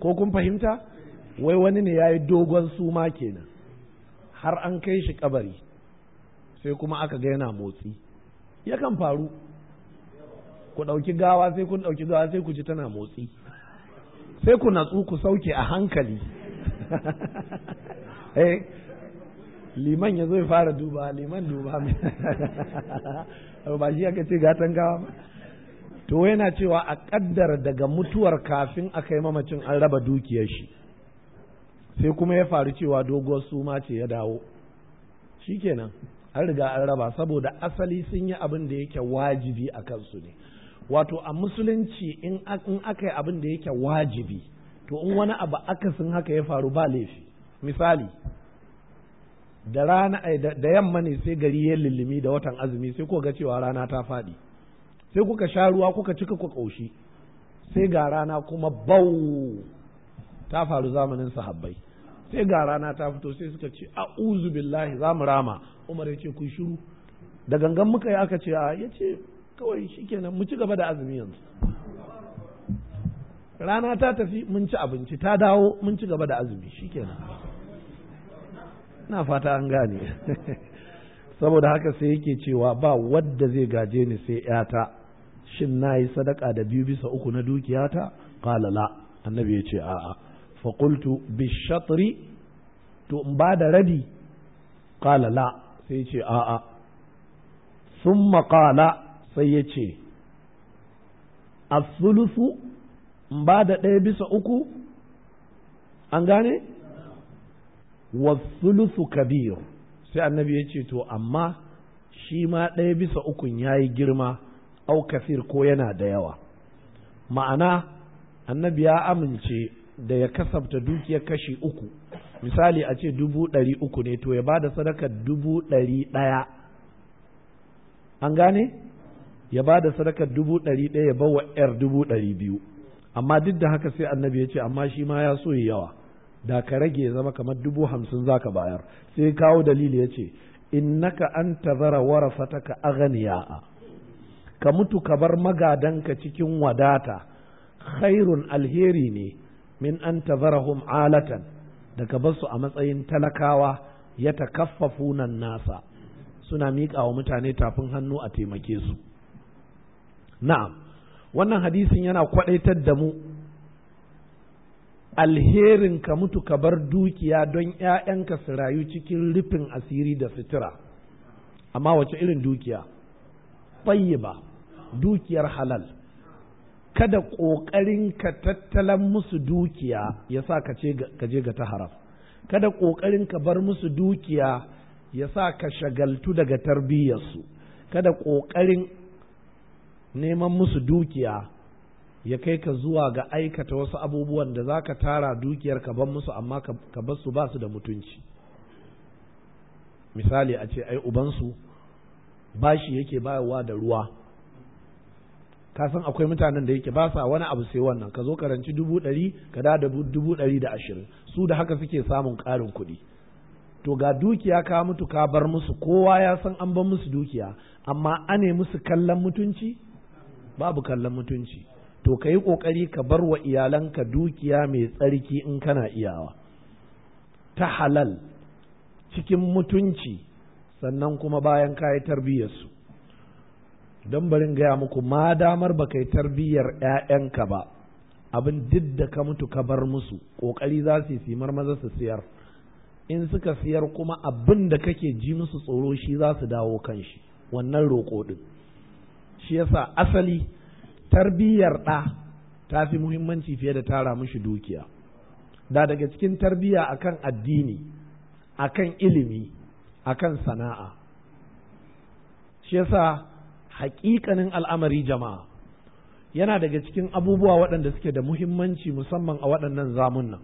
S1: ko kun fahimta wai wani ne ya yi dogon suma kenan har an kai shi kabari sai kuma aka ga yana motsi yakan faru ku ɗauki gawa sai kun ɗauki gawa sai ku ji tana motsi sai ku natsu ku sauke a hankali *laughs* eh, liman ya zo ya fara duba liman duba *laughs* ba shi aka ce gatan gawa ba to yana cewa a ƙaddar daga mutuwar kafin aka yi mamacin an raba dukiyar shi sai kuma ya faru cewa doguwar suma ce ya dawo shi kenan. an riga an raba saboda asali sun yi abin da yake wajibi a kansu ne wato a musulunci in aka yi abin da yake wajibi to in wani abu aka sun haka ya faru ba laifi misali da rana eh, da yamma ne sai gari ya lullumi da watan azumi sai kuka ga cewa rana ta faɗi sai kuka sha ruwa kuka cika ku ƙoshi sai ga rana kuma bau ta faru zamanin sahabbai sai ga rana ta fito sai suka ce a'uzu billahi za mu rama umar ya ce kun shiru da gangan muka yi aka ce a ya ce kawai shikenan mu ci gaba da azumi yanzu rana ta tafi mun ci abinci ta dawo mun ci gaba da azumi shikenan na fata an gane *laughs* saboda haka sai yake cewa ba wadda zai gaje ni sai yata shin na yi sadaka da biyu bisa uku na dukiyata kala la annabi ya ce a'a fa qultu bi to in ba da radi. kala la sai ce a'a sun maƙala sai ya ce asulusu ba da ɗaya bisa uku an gane wasulusu Kabiru sai annabi ya ce to amma shi ma ɗaya bisa ukun ya yi girma au kafir ko yana da yawa ma'ana annabi ya amince da ya kasafta dukiyar kashi uku misali a ce dubu ɗari uku ne to ya ba da sadaka dubu ɗari ɗaya an gane ya ba da sadaka dubu ɗari ɗaya ya bawa ‘yar dubu ɗari biyu amma duk da haka sai annabi ya ce amma shi ma ya so yi yawa da ka rage ya zama kamar dubu hamsin za ka bayar sai kawo dalili ya ce innaka an tazara warafataka aghniya'a ka mutu ka bar magadanka cikin wadata khairun alheri ne min an tazarahum alatan Da daga basu a matsayin talakawa ya ta takaffafu nan nasa suna miƙa wa mutane tafin hannu a taimake su na'am wannan hadisin yana kwadaitar da mu alherin ka mutu ka bar dukiya don ‘ya'yanka su rayu cikin rufin asiri da sutura amma wace irin dukiya ba dukiyar halal kada ƙoƙarin ka tattalan musu dukiya ya sa ka je ga ta haram kada ƙoƙarin ka bar musu dukiya ya sa ka shagaltu daga tarbiyyarsu kada ƙoƙarin neman musu dukiya ya kai ka zuwa ga aikata wasu abubuwan da za ka tara dukiyar ka ban musu amma ka bar su ba su da mutunci misali a ce ai ubansu bashi yake bayarwa da ruwa ka san akwai mutanen da yake ba sa wani abu sai wannan ka zo karanci dubu ɗari ka da dubu ɗari da ashirin su da haka suke samun ƙarin kuɗi to ga dukiya ka mutu ka bar musu kowa ya san an bar musu dukiya amma ane musu kallon mutunci babu kallon mutunci to ka yi ƙoƙari ka bar wa iyalanka dukiya mai tsarki in kana iyawa ta halal cikin mutunci sannan kuma bayan ka yi tarbiyyarsu don barin gaya muku ma damar ba kai tarbiyyar 'ya'yanka ba abin duk da ka mutu ka bar musu ƙoƙari za su yi maza su siyar in suka siyar kuma abin da kake ji musu tsoro shi za su dawo kan shi wannan roƙo ɗin shi yasa asali tarbiyyar ɗa ta fi muhimmanci fiye da tara mushi dukiya da daga cikin tarbiyya akan addini akan ilimi akan sana'a shi yasa haƙiƙanin al'amari jama'a yana daga cikin abubuwa waɗanda suke da muhimmanci musamman a waɗannan zamunan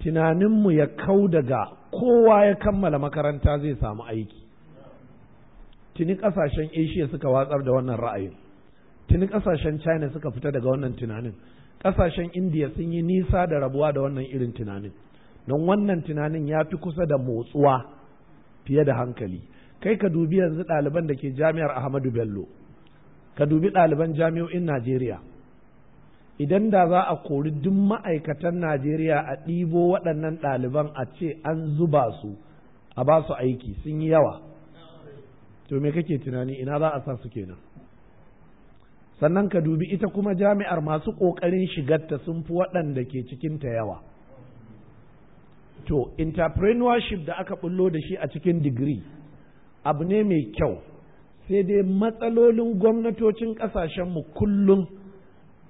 S1: tunaninmu ya kau daga kowa ya kammala makaranta zai samu aiki tuni ƙasashen asia suka watsar da wannan ra'ayin tuni ƙasashen china suka fita daga wannan tunanin ƙasashen india sun yi nisa da rabuwa da wannan irin tunanin don wannan tunanin ya fi kusa da motsuwa fiye da hankali kai ka dubi yanzu ɗaliban da ke jami'ar ahmadu bello ka dubi ɗaliban jami'o'in najeriya idan da za a kori duk ma'aikatan najeriya a ɗibo waɗannan ɗaliban a ce an zuba su a ba su aiki sun yi yawa to me kake tunani ina za a sa su kenan sannan ka dubi ita kuma jami'ar masu ƙoƙarin shigarta sun fi waɗanda ke cikinta yawa to entrepreneurship da aka bullo da shi a cikin digiri abu ne mai kyau sai dai matsalolin gwamnatocin ƙasashenmu kullum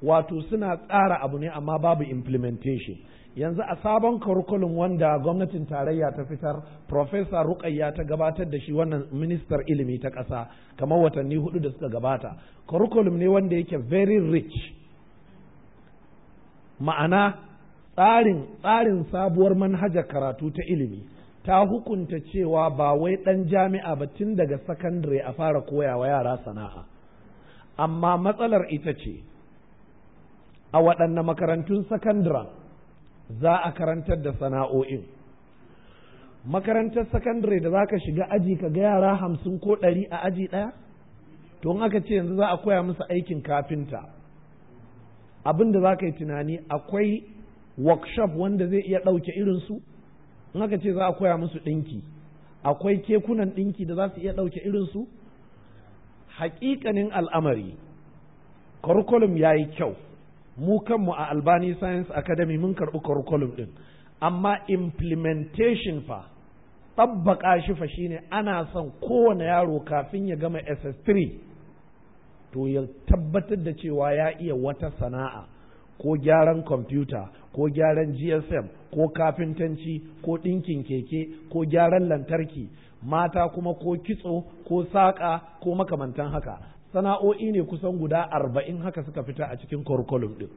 S1: wato suna tsara abu ne amma babu implementation yanzu a sabon curriculum wanda gwamnatin tarayya ta fitar Profesa Rukayya ta gabatar da shi wannan ministar ilimi ta ƙasa kamar watanni hudu da suka gabata curriculum ne wanda yake very rich ma'ana tsarin sabuwar manhajar karatu ta ilimi ta hukunta cewa ba wai ɗan jami'a ba tun daga sakandare a fara koya wa yara sana'a amma matsalar ita ce a waɗanne makarantun sakandare za a karantar da sana'o'in makarantar sakandare da za ka shiga aji ka ga yara hamsin ko ɗari a aji ɗaya to in aka ce yanzu za a koya musu aikin kafinta abin da za ka yi tunani akwai workshop wanda zai iya ɗauke irinsu in aka ce za a koya musu ɗinki akwai kekunan ɗinki da za su iya ɗauke irin su. haƙiƙanin al'amari curriculum ya yi kyau mu kanmu a albani science academy mun karɓi curriculum ɗin amma implementation fa ɗabbaƙa shi fa shine ana son kowane yaro kafin ya gama ss3 to ya tabbatar da cewa ya iya wata sana'a ko gyaran kwamfuta ko gyaran gsm ko kafintanci ko ɗinkin keke ko gyaran lantarki mata kuma ko kitso ko saƙa ko makamantan haka sana'o'i ne kusan guda arba'in haka suka fita a cikin curriculum ɗin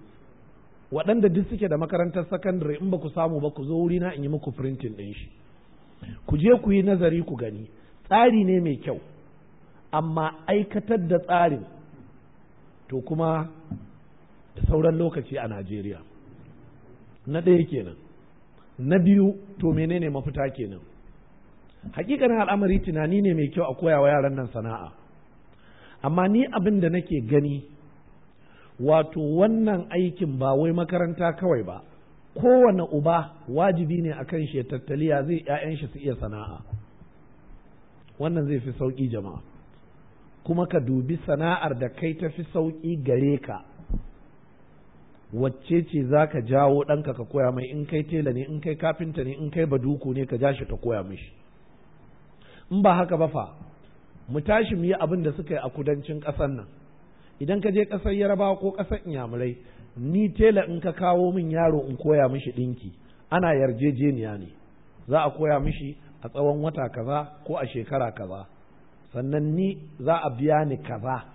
S1: waɗanda duk suke da makarantar sakandare in ba ku samu ba ku zo wurina in yi muku firintin ɗin shi ku je ku yi nazari ku gani tsari ne mai kyau amma aikatar da tsarin to kuma da sauran lokaci a Najeriya na ɗaya kenan na biyu to menene mafita kenan hakikanin al'amari tunani ne mai kyau a koya wa yaran nan sana'a amma ni abin da nake gani wato wannan aikin ba wai makaranta kawai ba kowane uba wajibi ne akan shi ya tattaliya zai 'ya'yan shi su iya sana'a wannan zai fi sauƙi jama'a kuma ka dubi sana'ar da kai ta fi sauƙi gare ka wacce ce za ka jawo ɗanka ka koya mai in kai tela ne in kai kafinta ne in kai baduku ne ka ja shi ka koya mishi in ba haka ba fa mu tashi mu yi abin da suka yi a kudancin ƙasar nan idan ka je ƙasar yarabawa ko ƙasar inyamurai ni tela in ka kawo min yaro in koya mishi ɗinki ana yarjejeniya ne za a koya mishi a tsawon wata kaza ko a shekara kaza sannan ni za a biya ni kaza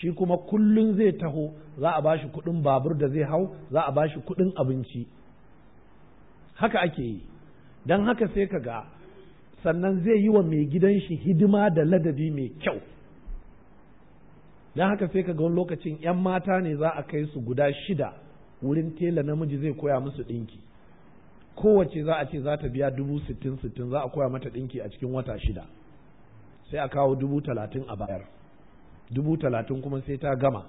S1: shi kuma kullum zai taho za a bashi kuɗin babur da zai hau za a bashi kuɗin abinci haka ake yi don haka sai ka ga sannan zai yi wa mai gidan shi hidima da ladabi mai kyau don haka sai ka ga wani lokacin 'yan mata ne za a kai su guda shida wurin tela namiji zai koya musu ɗinki kowace za a ce za ta biya dubu sittin sittin za a koya mata ɗinki a cikin wata shida sai a kawo dubu talatin a bayar dubu talatin kuma sai ta gama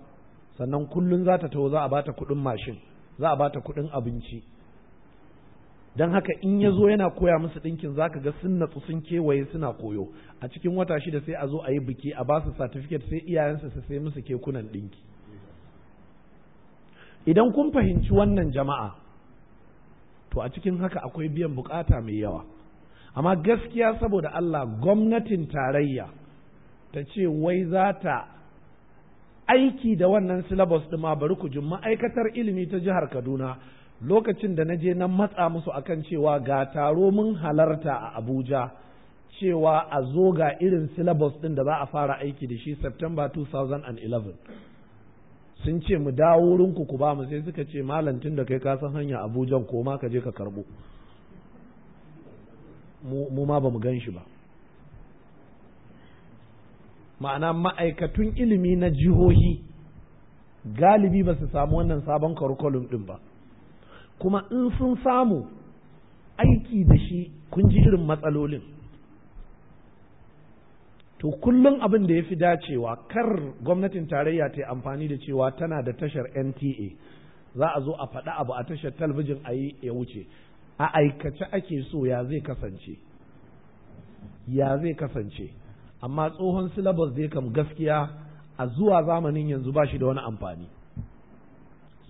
S1: sannan kullum za ta taho za a bata kuɗin mashin za a bata kuɗin abinci don haka in ya zo yana koya musu ɗinkin za ka ga sun natsu sun kewaye suna koyo a cikin wata shida sai a zo a yi biki a basu satifiket sai iyayensa su sai musu kekunan ɗinki idan kun fahimci wannan jama'a to a cikin haka akwai biyan bukata mai yawa amma gaskiya saboda Allah gwamnatin tarayya ta ce wai za ta aiki da wannan syllabus ɗin ma bari ku ji ma'aikatar ilimi ta jihar Kaduna lokacin da na je na matsa musu akan cewa ga taro mun halarta a Abuja cewa a zo ga irin syllabus ɗin da za a fara aiki da shi September 2011 sun ce mu dawo wurinku ku ba mu sai suka ce malam tun da kai ka san hanya Abuja ko ma ka je ka karbo mu ma ba mu gan shi ba ma'ana ma'aikatun ilimi na jihohi galibi ba su samu wannan sabon curriculum ɗin ba kuma in sun samu aiki da shi kun ji irin matsalolin to kullum abin da ya fi dacewa kar gwamnatin tarayya ta yi amfani da cewa tana da tashar nta za a zo a faɗa abu a tashar talabijin a yi ya wuce a aikace ake so ya zai kasance ya zai kasance amma tsohon syllabus dai kam gaskiya a zuwa zamanin yanzu ba shi da wani amfani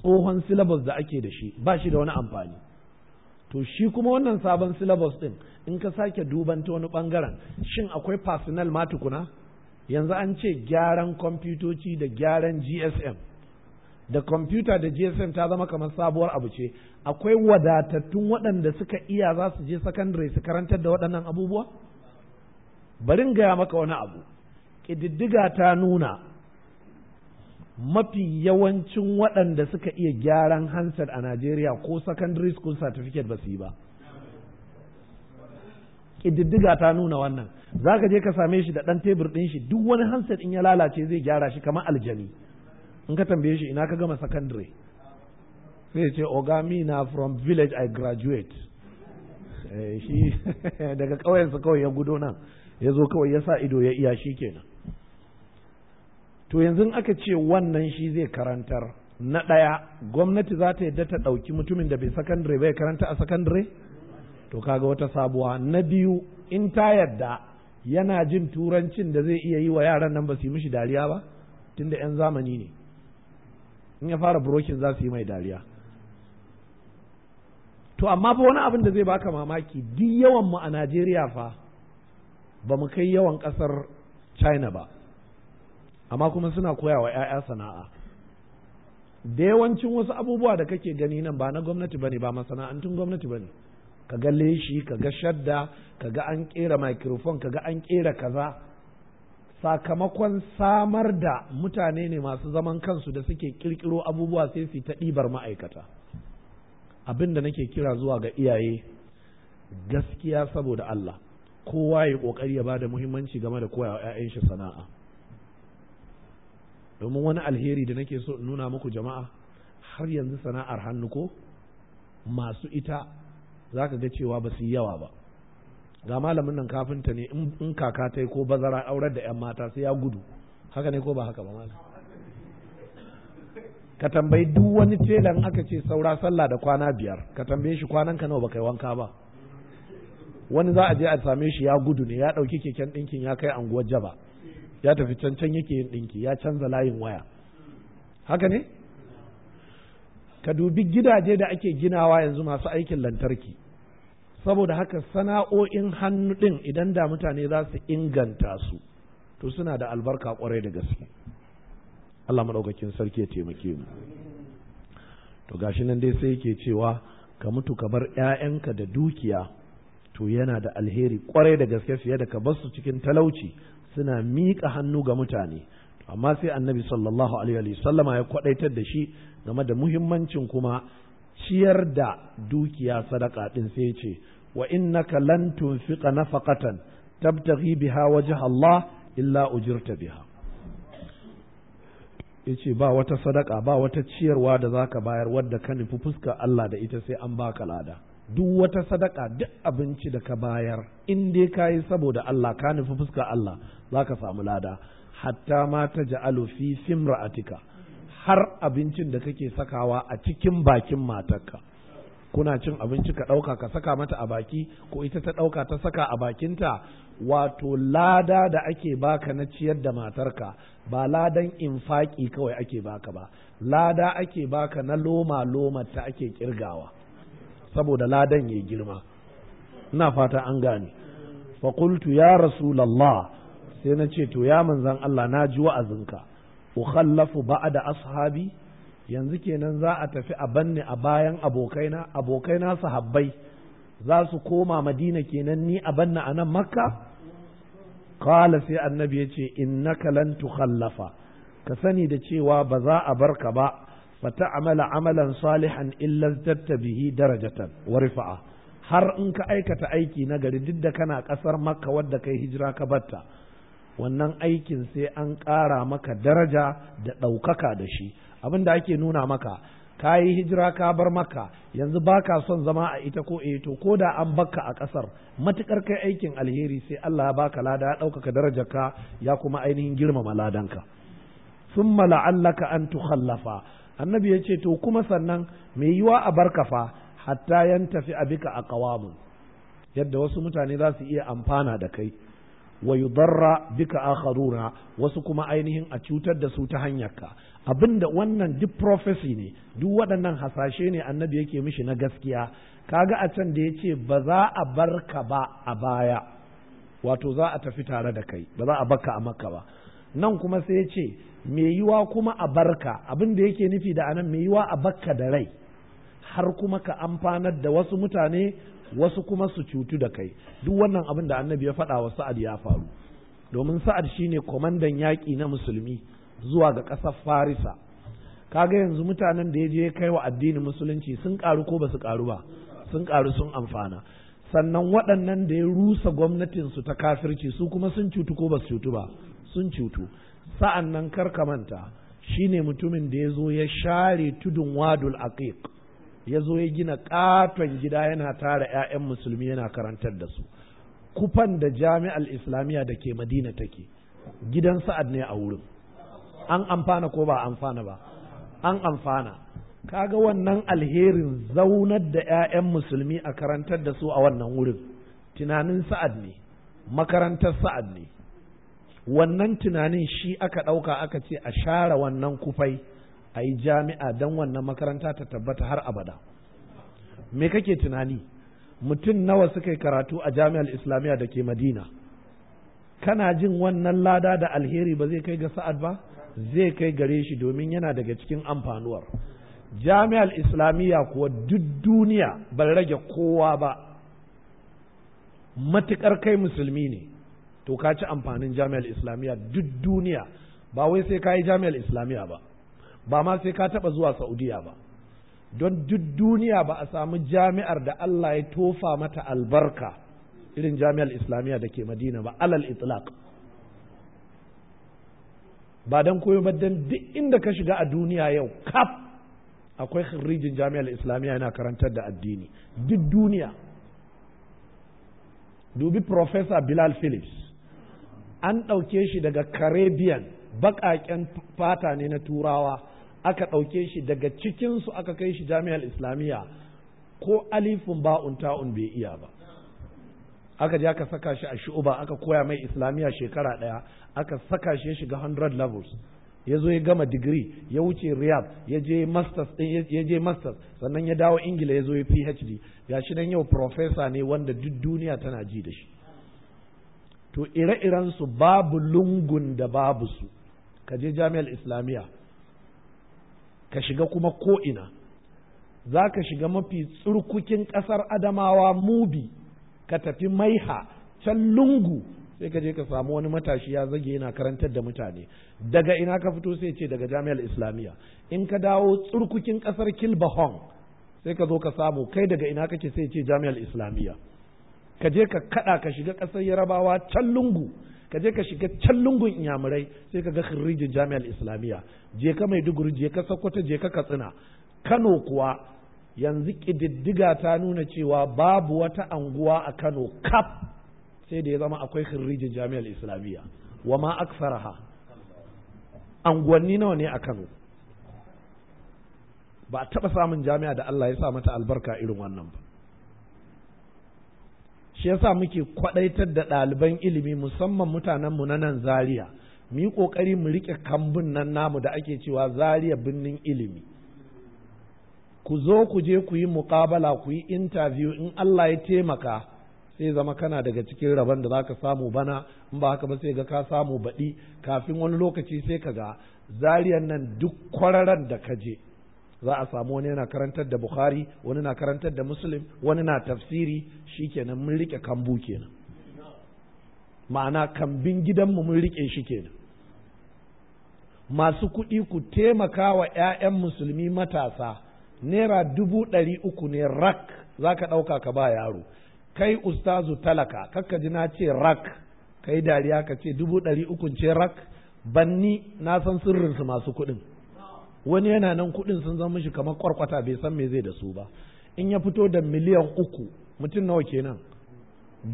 S1: tsohon syllabus da ake da shi ba shi da wani amfani to shi kuma wannan sabon syllabus din in ka sake duban ta wani bangaren shin akwai personal ma tukuna yanzu an ce gyaran kwamfutoci da gyaran gsm da kwamfuta da gsm ta zama kamar sabuwar abu ce akwai wadatattun waɗanda suka iya za su je sakandare su karantar da waɗannan abubuwa bari in gaya maka wani abu ƙididdiga ta nuna mafi yawancin waɗanda suka iya gyaran handset a Najeriya ko secondary school certificate ba su yi ba ƙididdiga ta nuna wannan za ka je ka same shi da ɗan tebur ɗin shi duk wani hansar in ya lalace zai gyara shi kamar aljani in ka tambaye shi ina ka gama secondary sai ce ogami na from village i graduate eh, shi *laughs* daga ƙauyensa kawai ya gudo nan ya zo kawai ya sa ido ya iya shi kenan to yanzu aka ce wannan shi zai karantar na ɗaya gwamnati za ta yadda ta ɗauki mutumin da bai sakandare bai karanta a sakandare to kaga wata sabuwa na biyu in ta yadda yana jin turancin da zai iya yi wa yaran nan ba su yi mishi dariya ba tunda 'yan zamani ne in ya fara burokin za su yi mai dariya to amma fa wani abin da zai baka mamaki duk yawan mu a Najeriya fa ba mu kai yawan ƙasar china ba amma kuma suna koya wa 'ya'ya sana'a da yawancin wasu abubuwa da kake gani nan ba na gwamnati ba ne, ba masana'antun gwamnati ba ne. ka ga leshi ka ga shadda ka ga an kera microphone ka ga an kera kaza sakamakon samar da mutane ne masu zaman kansu da suke kirkiro abubuwa sai su ta ɗibar ma'aikata abin da nake kira zuwa ga iyaye gaskiya saboda Allah kowa ya kokari ya bada muhimmanci game da koya ƴaƴan shi sana'a domin wani alheri da nake so nuna muku jama'a har yanzu sana'ar hannu ko masu ita zaka ga cewa ba su yi yawa ba ga malamin nan kafinta ne in kaka ta ko bazara aurar da 'yan mata sai ya gudu haka ne ko ba haka ba malam ka tambayi duk wani telan aka ce saura sallah da kwana biyar ka tambaye shi kwanan ka nawa ba yi wanka ba wani za a je a same shi ya gudu ne ya ɗauki keken ɗinkin ya kai anguwar jaba ya tafi can yake yin ɗinki ya canza layin waya haka ne ka dubi gidaje da ake ginawa yanzu masu aikin lantarki saboda haka sana'o'in hannu ɗin idan da mutane za su inganta su to suna da albarka kwarai da gaske Allah maɗaukakin sarki ya taimake mu to gashi nan dai sai yake cewa ka mutu ka bar ‘ya'yanka da dukiya to yana da alheri kwarai da gaske fiye da ka basu cikin talauci suna miƙa hannu ga mutane amma sai annabi sallallahu alaihi sallama ya kwadaitar da shi game da muhimmancin kuma ciyar da dukiya sadaka din sai ce wa innaka lan tunfiqa nafaqatan tabtaghi biha wajha Allah illa ujirta biha yace ba wata sadaka ba wata ciyarwa da zaka bayar wadda ka nufi fuskar Allah da ita sai an baka lada duk wata sadaka duk abinci da ka bayar in dai ka yi saboda Allah ka nufi fuska Allah za ka samu lada hatta ma ta ja'alu fi simra'atika har abincin da kake sakawa a cikin bakin matarka kuna cin abinci ka ɗauka ka saka mata a baki ko ita ta ɗauka ta saka a bakinta wato lada da ake baka na ciyar da matarka ba ladan infaki kawai ake baka ba lada ake baka na loma loma ta ake kirgawa saboda ladan ya girma ina fata an gane fa qultu ya rasulullah sai na ce to ya manzan Allah na ji wa'azinka khallafu ba'da ashabi yanzu kenan za a tafi a banne a bayan abokaina abokaina sahabbai za su koma madina kenan ni a banne a nan makka qala sai annabi ya ce innaka lan tukhallafa ka sani da cewa ba za a barka ba fa ta'amala amalan salihan illa zatta bihi darajatan wa rifa'a har in ka aikata aiki na gari duk da kana kasar makka wadda kai hijira ka batta wannan aikin sai an ƙara maka daraja da ɗaukaka da shi abin da ake nuna maka ka yi hijira ka bar maka yanzu ba ka son zama a ita ko e to ko da an bakka a ƙasar matuƙar kai aikin alheri sai Allah ya baka lada ya ɗaukaka darajarka ya kuma ainihin girmama ladanka summa la'allaka an tukhallafa annabi ya ce to kuma sannan mai yiwa a barka fa hatta yan tafi bika a kawamun yadda wasu mutane za su iya amfana da kai wa yudarra bika akharuna wasu kuma ainihin a cutar da su ta hanyarka abinda wannan duk prophecy ne duk waɗannan hasashe ne annabi yake mishi na gaskiya kaga a can da yace ba za a barka ba a baya wato za a tafi tare da kai ba za a barka a makka ba nan kuma sai ya ce. mai yiwa kuma a barka abin da yake nufi da anan mai yiwa a bakka da rai har kuma ka amfanar da wasu mutane wasu kuma su cutu da kai duk wannan abin da annabi ya faɗa wa sa'ad ya faru domin sa'ad shine kwamandan yaƙi na musulmi zuwa ga ƙasar farisa kaga yanzu mutanen da ya je kai wa addinin musulunci sun ƙaru ko ba su ƙaru ba sun ƙaru sun amfana sannan waɗannan da ya rusa gwamnatinsu ta kafirci su kuma sun cutu ko ba su cutu ba sun cutu sa'an nan karka manta ne mutumin da ya zo ya share tudun wadul aqiq ya zo ya gina katon gida yana tara 'ya'yan musulmi yana karantar da su kufan da jami'al islamiyya da ke madina take gidan sa'ad ne a wurin an amfana ko ba amfana ba an amfana kaga wannan alherin zaunar da 'ya'yan musulmi a karantar da su a wannan wurin tunanin sa'ad ne makarantar sa'ad ne wannan tunanin shi aka ɗauka aka ce a share wannan kufai a yi jami'a don wannan makaranta ta tabbata har abada me kake tunani mutum nawa suka yi karatu a jami'ar islamiyya da ke madina kana jin wannan lada da alheri ba zai kai ga sa'ad ba zai kai gare shi domin yana daga cikin amfanuwar jami'ar islamiyya kuwa duk duniya ban rage kowa ba matuƙar kai musulmi ne to ka ci amfanin jami'ar islamiyya duk duniya ba wai sai ka yi jami'ar islamiyya ba ba ma sai ka taɓa zuwa saudiya ba don duk duniya ba a samu jami'ar da Allah ya tofa mata albarka irin jami'ar islamiyya da ke madina ba alal itlaq ba don koyo ba don duk inda ka shiga a duniya yau kaf akwai khirrijin jami'ar islamiyya yana karantar da addini duk duniya dubi professor bilal phillips an ɗauke shi daga caribbean baƙaƙen fata ne na turawa aka ɗauke shi daga cikinsu aka kai shi jami'ar islamiyya ko alifin ba'un ta'un bai iya ba aka je aka saka shi a shu'uba aka koya mai islamiyya shekara ɗaya aka saka shi ya shiga 100 levels ya zo ya gama digiri ya wuce riyab ya je masters masters sannan ya dawo ingila ya zo ya phd gashi nan yau professor ne wanda duk duniya tana ji da shi to ire iren su babu lungun da babu su ka je jami'ar islamiyya ka shiga kuma ko'ina za ka shiga mafi tsurkukin ƙasar adamawa mubi ka tafi maiha can lungu sai ka je ka samu wani matashi ya zage yana karantar da mutane daga ina ka fito sai ce daga jami'ar islamiyya in ka dawo tsurkukin ƙasar kilbahon sai ka zo ka samu kai daga ina kake sai ce jami'ar islamiyya ka je ka kada ka shiga kasar yarabawa can lungu ka je ka shiga can lungun inyamurai sai ka ga khirrijin jami'ar islamiyya je ka maiduguri je ka sokoto je ka katsina kano kuwa yanzu kididdiga ta nuna cewa babu wata anguwa a kano kaf sai da ya zama akwai khirrijin jami'ar islamiyya wa ma aksaraha anguwanni nawa ne a kano ba a taɓa samun jami'a da allah ya sa mata albarka irin wannan ba shi yasa muke kwadaitar da ɗaliban ilimi musamman mutanen mu na nan zaria mu yi kokari mu rike kambun nan namu da ake cewa zaria birnin ilimi ku zo ku je ku yi muƙabala ku yi interview in Allah ya taimaka sai zama kana daga cikin rabon da zaka samu bana in ba haka ba sai ga ka samu baɗi kafin wani lokaci sai ka ga zariyan nan duk kwararan da ka je za a samu wani yana karantar da bukhari wani na karantar da muslim wani na tafsiri shikenan mun rike kambu kenan ma'ana kambin gidanmu mun rike shi kenan masu kuɗi ku taimaka wa 'ya'yan musulmi matasa naira dubu ɗari uku ne rak za ka ɗauka ka ba yaro kai ustazu talaka kakka ji na ce rak kai dariya ka ce dubu ɗari ukun ce rak banni na san sirrinsu masu kuɗin wani yana nan kuɗin sun zama shi kamar kwarkwata bai san me zai da su ba in ya fito da miliyan uku mutum nawa kenan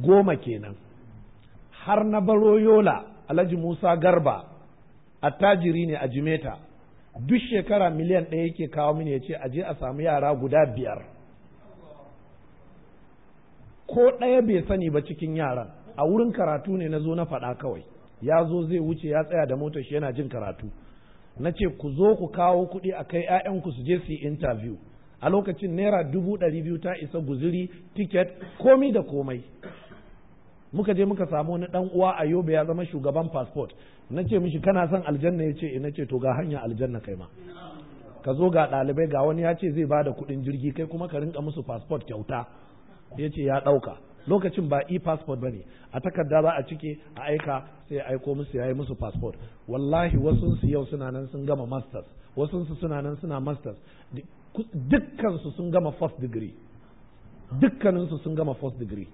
S1: goma kenan har na baro yola alhaji musa garba attajiri ne a jimeta duk shekara miliyan ɗaya yake kawo mini ya ce aje a samu yara guda biyar ko ɗaya bai sani ba cikin yaran a wurin karatu ne na zo na faɗa kawai ya zo zai wuce ya tsaya da motar shi yana jin karatu na ce ku zo ku kawo kuɗi a kai 'ya'yanku su je su yi interview a lokacin naira dubu ɗari biyu ta isa guziri tiket komi da komai muka je muka samu wani ɗan uwa a yobe ya zama shugaban passport na ce mishi kana son aljanna ya ce ina eh, ce to ga hanya aljanna kai ma ka zo ga ɗalibai ga wani ya ce zai ba da kuɗin jirgi kai kuma ka rinka musu passport kyauta ya ce ya ɗauka lokacin ba e-passport ba ne a takarda za a cike a aika sai aiko musu ya yi musu passport wallahi wasunsu yau suna nan sun gama masters wasunsu suna nan suna masters dukkansu sun gama first degree dukkaninsu sun gama first degree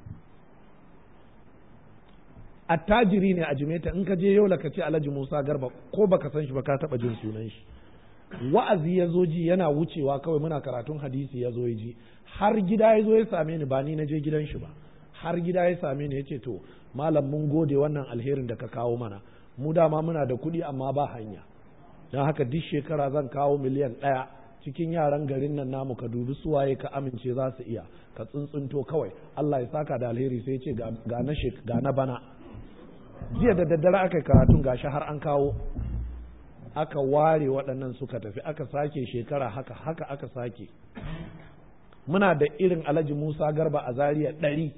S1: attajiri ne a jimeta in ka je yau lakaci alhaji musa garba ko baka san shi ba ka taba jin sunan shi wa'azi ya ji yana wucewa kawai muna karatun hadisi ya zo ya ji har gida ya zo ya same ni ba ni na je gidan shi ba har gida ya same ni ya ce to malam mun gode wannan alherin da ka kawo mana mu dama muna da kuɗi amma ba hanya don haka duk shekara zan kawo miliyan ɗaya cikin yaran garin nan namu ka dubi suwaye ka amince za su iya ka tsuntsunto kawai Allah ya saka da alheri sai ce ga na bana jiya da daddare aka karatun gashi har an kawo aka ware waɗannan suka tafi aka sake shekara haka haka aka sake muna da irin alhaji musa garba a zariya ɗari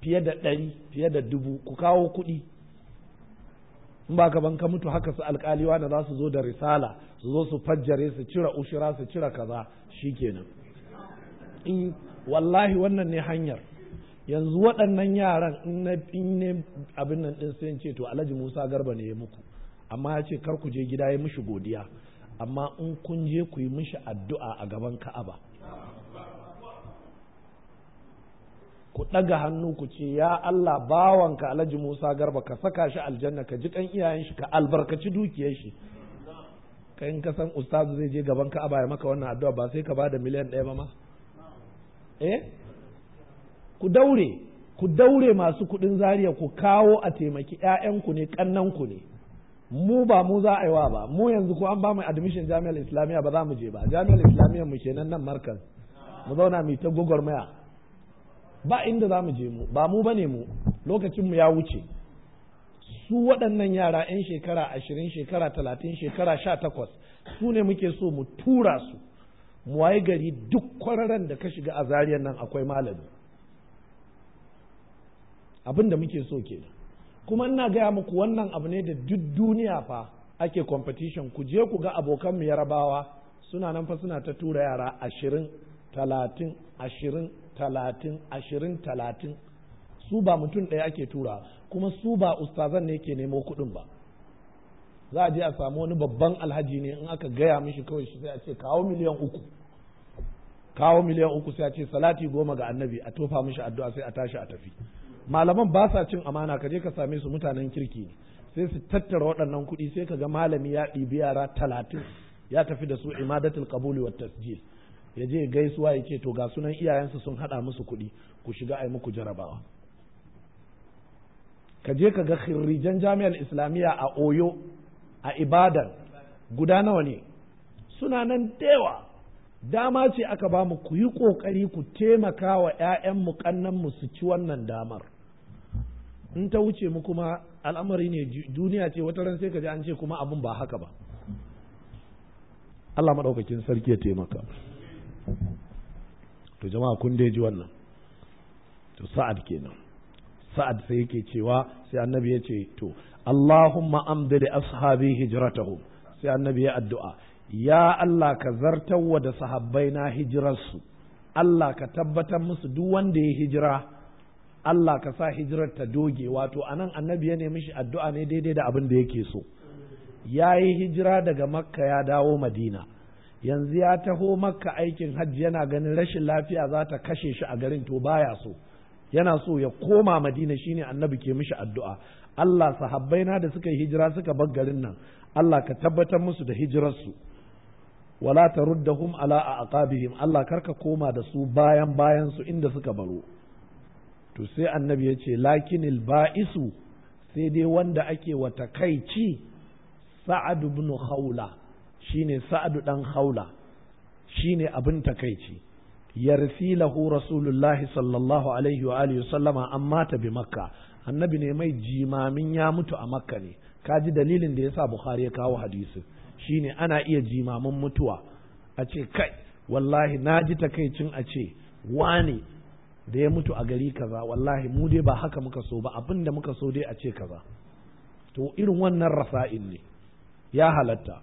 S1: fiye da ɗari fiye da dubu ku kawo kuɗi in ba ka ka mutu haka su wa da za su zo da risala su zo su fajjare su cire ushira su cire kaza shikenan in wallahi wannan ne hanyar yanzu waɗannan yaran in na ne abin nan din sai ce to alhaji musa garba ne ya muku amma ya ce kar ku je gida ya mishi godiya amma in kun je ku yi mishi addu'a a gaban ka'aba ku ɗaga hannu ku ce ya Allah bawanka Alhaji Musa Garba ka saka shi aljanna ka ji kan iyayen shi ka albarkaci dukiyar shi ka in ka san ustazu zai je gaban ka ya maka wannan addu'a ba sai ka bada miliyan ɗaya ba ma eh ku daure ku daure masu kuɗin zariya ku kawo a taimaki ƴaƴanku ne ƙannanku ne mu ba mu za a yi wa ba mu yanzu ko an ba mu admission jami'ar islamiyya ba za mu je ba jami'ar islamiyya mu kenan nan markan mu zauna mu ta maya. ba inda za mu je mu ba mu bane mu lokacin mu ya wuce su waɗannan yara 'yan shekara ashirin shekara talatin shekara sha takwas su ne muke so mu tura su mu waye gari duk kwararren da ka shiga a zariyar nan akwai malami abin da muke so ke kuma ina gaya muku wannan abu ne da duk duniya fa ake competition ku je ku ga abokanmu yarabawa suna nan fa suna ta tura yara ashirin talatin ashirin talatin ashirin talatin su ba mutum ɗaya ake tura kuma su ba ustazan ne ke nemo kuɗin ba za a je a samu wani babban alhaji ne in aka gaya mishi kawai shi sai a ce kawo miliyan uku kawo miliyan uku sai a ce salati goma ga annabi a tofa mishi addu'a sai a tashi a tafi malaman ba sa cin amana ka je ka same su mutanen kirki ne sai su tattara waɗannan kuɗi sai ka ga malami ya ɗibi yara talatin ya tafi da su imadatul qabuli wa tasjil ya je gaisuwa ya ce to ga sunan iyayensa sun haɗa musu kuɗi ku shiga a yi muku jarabawa ka je ka ga khirrijan jami'ar islamiyya a oyo a ibadan guda nawa ne suna nan dewa dama ce aka ba mu ku yi ƙoƙari ku taimaka wa 'ya'yanmu mu su ci wannan damar in ta wuce mu kuma al'amari ne duniya ce wata ran sai ka ji an ce kuma abin ba haka ba Allah maɗaukakin sarki ya taimaka. to jama'a kun dai ji wannan to sa'ad kenan sa'ad sai yake cewa sai annabi ya ce to Allahumma amdi li ashabi hijratahum sai annabi ya addu'a ya Allah ka zartawa da sahabbai na hijirarsu Allah ka tabbatar musu duk wanda ya hijira Allah ka sa hijirar ta doge wato anan annabi ya nemi shi addu'a ne daidai da abin da yake so ya yi hijira daga makka ya dawo madina yanzu ya taho makka aikin hajji yana ganin rashin lafiya za ta kashe shi a garin to baya so yana so ya koma madina shine annabi ke mishi addu'a Allah sahabbai na da suka yi hijira suka bar garin nan Allah ka tabbatar musu da hijirarsu wala taruddahum ala aqabihim Allah karka koma da su bayan bayan su inda suka baro to sai annabi ya ce lakinil ba'isu sai dai wanda ake wa takaici sa'ad ibn khawla Shi ne sa'adu ɗan haula shi ne abin takaici yarsi lahu rasulullahi sallallahu alaihi wa alihi sallama amma ta bi makka annabi ne mai jimamin ya mutu a makka ne kaji dalilin da yasa bukhari ya kawo Shi shine ana iya jimamin mutuwa a ce kai wallahi na ji takaicin a ce wani da ya mutu a gari kaza wallahi mu dai ba haka muka so ba abin da muka so dai a ce kaza to irin wannan rasa'in ne ya halatta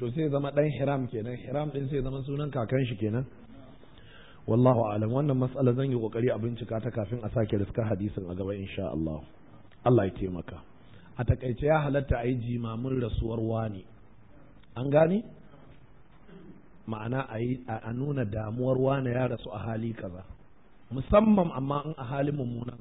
S1: to sai zama dan hiram kenan hiram din sai zama sunan kakan shi kenan wallahu alam wannan mas'ala zan yi kokari a bincika ta kafin a sake riskar hadisin a gaba insha Allah Allah ya taimaka a takaice ya halatta a yi jimamin rasuwar wani an gane ma'ana a nuna damuwar wani ya rasu a hali kaza musamman amma in a halin mummunan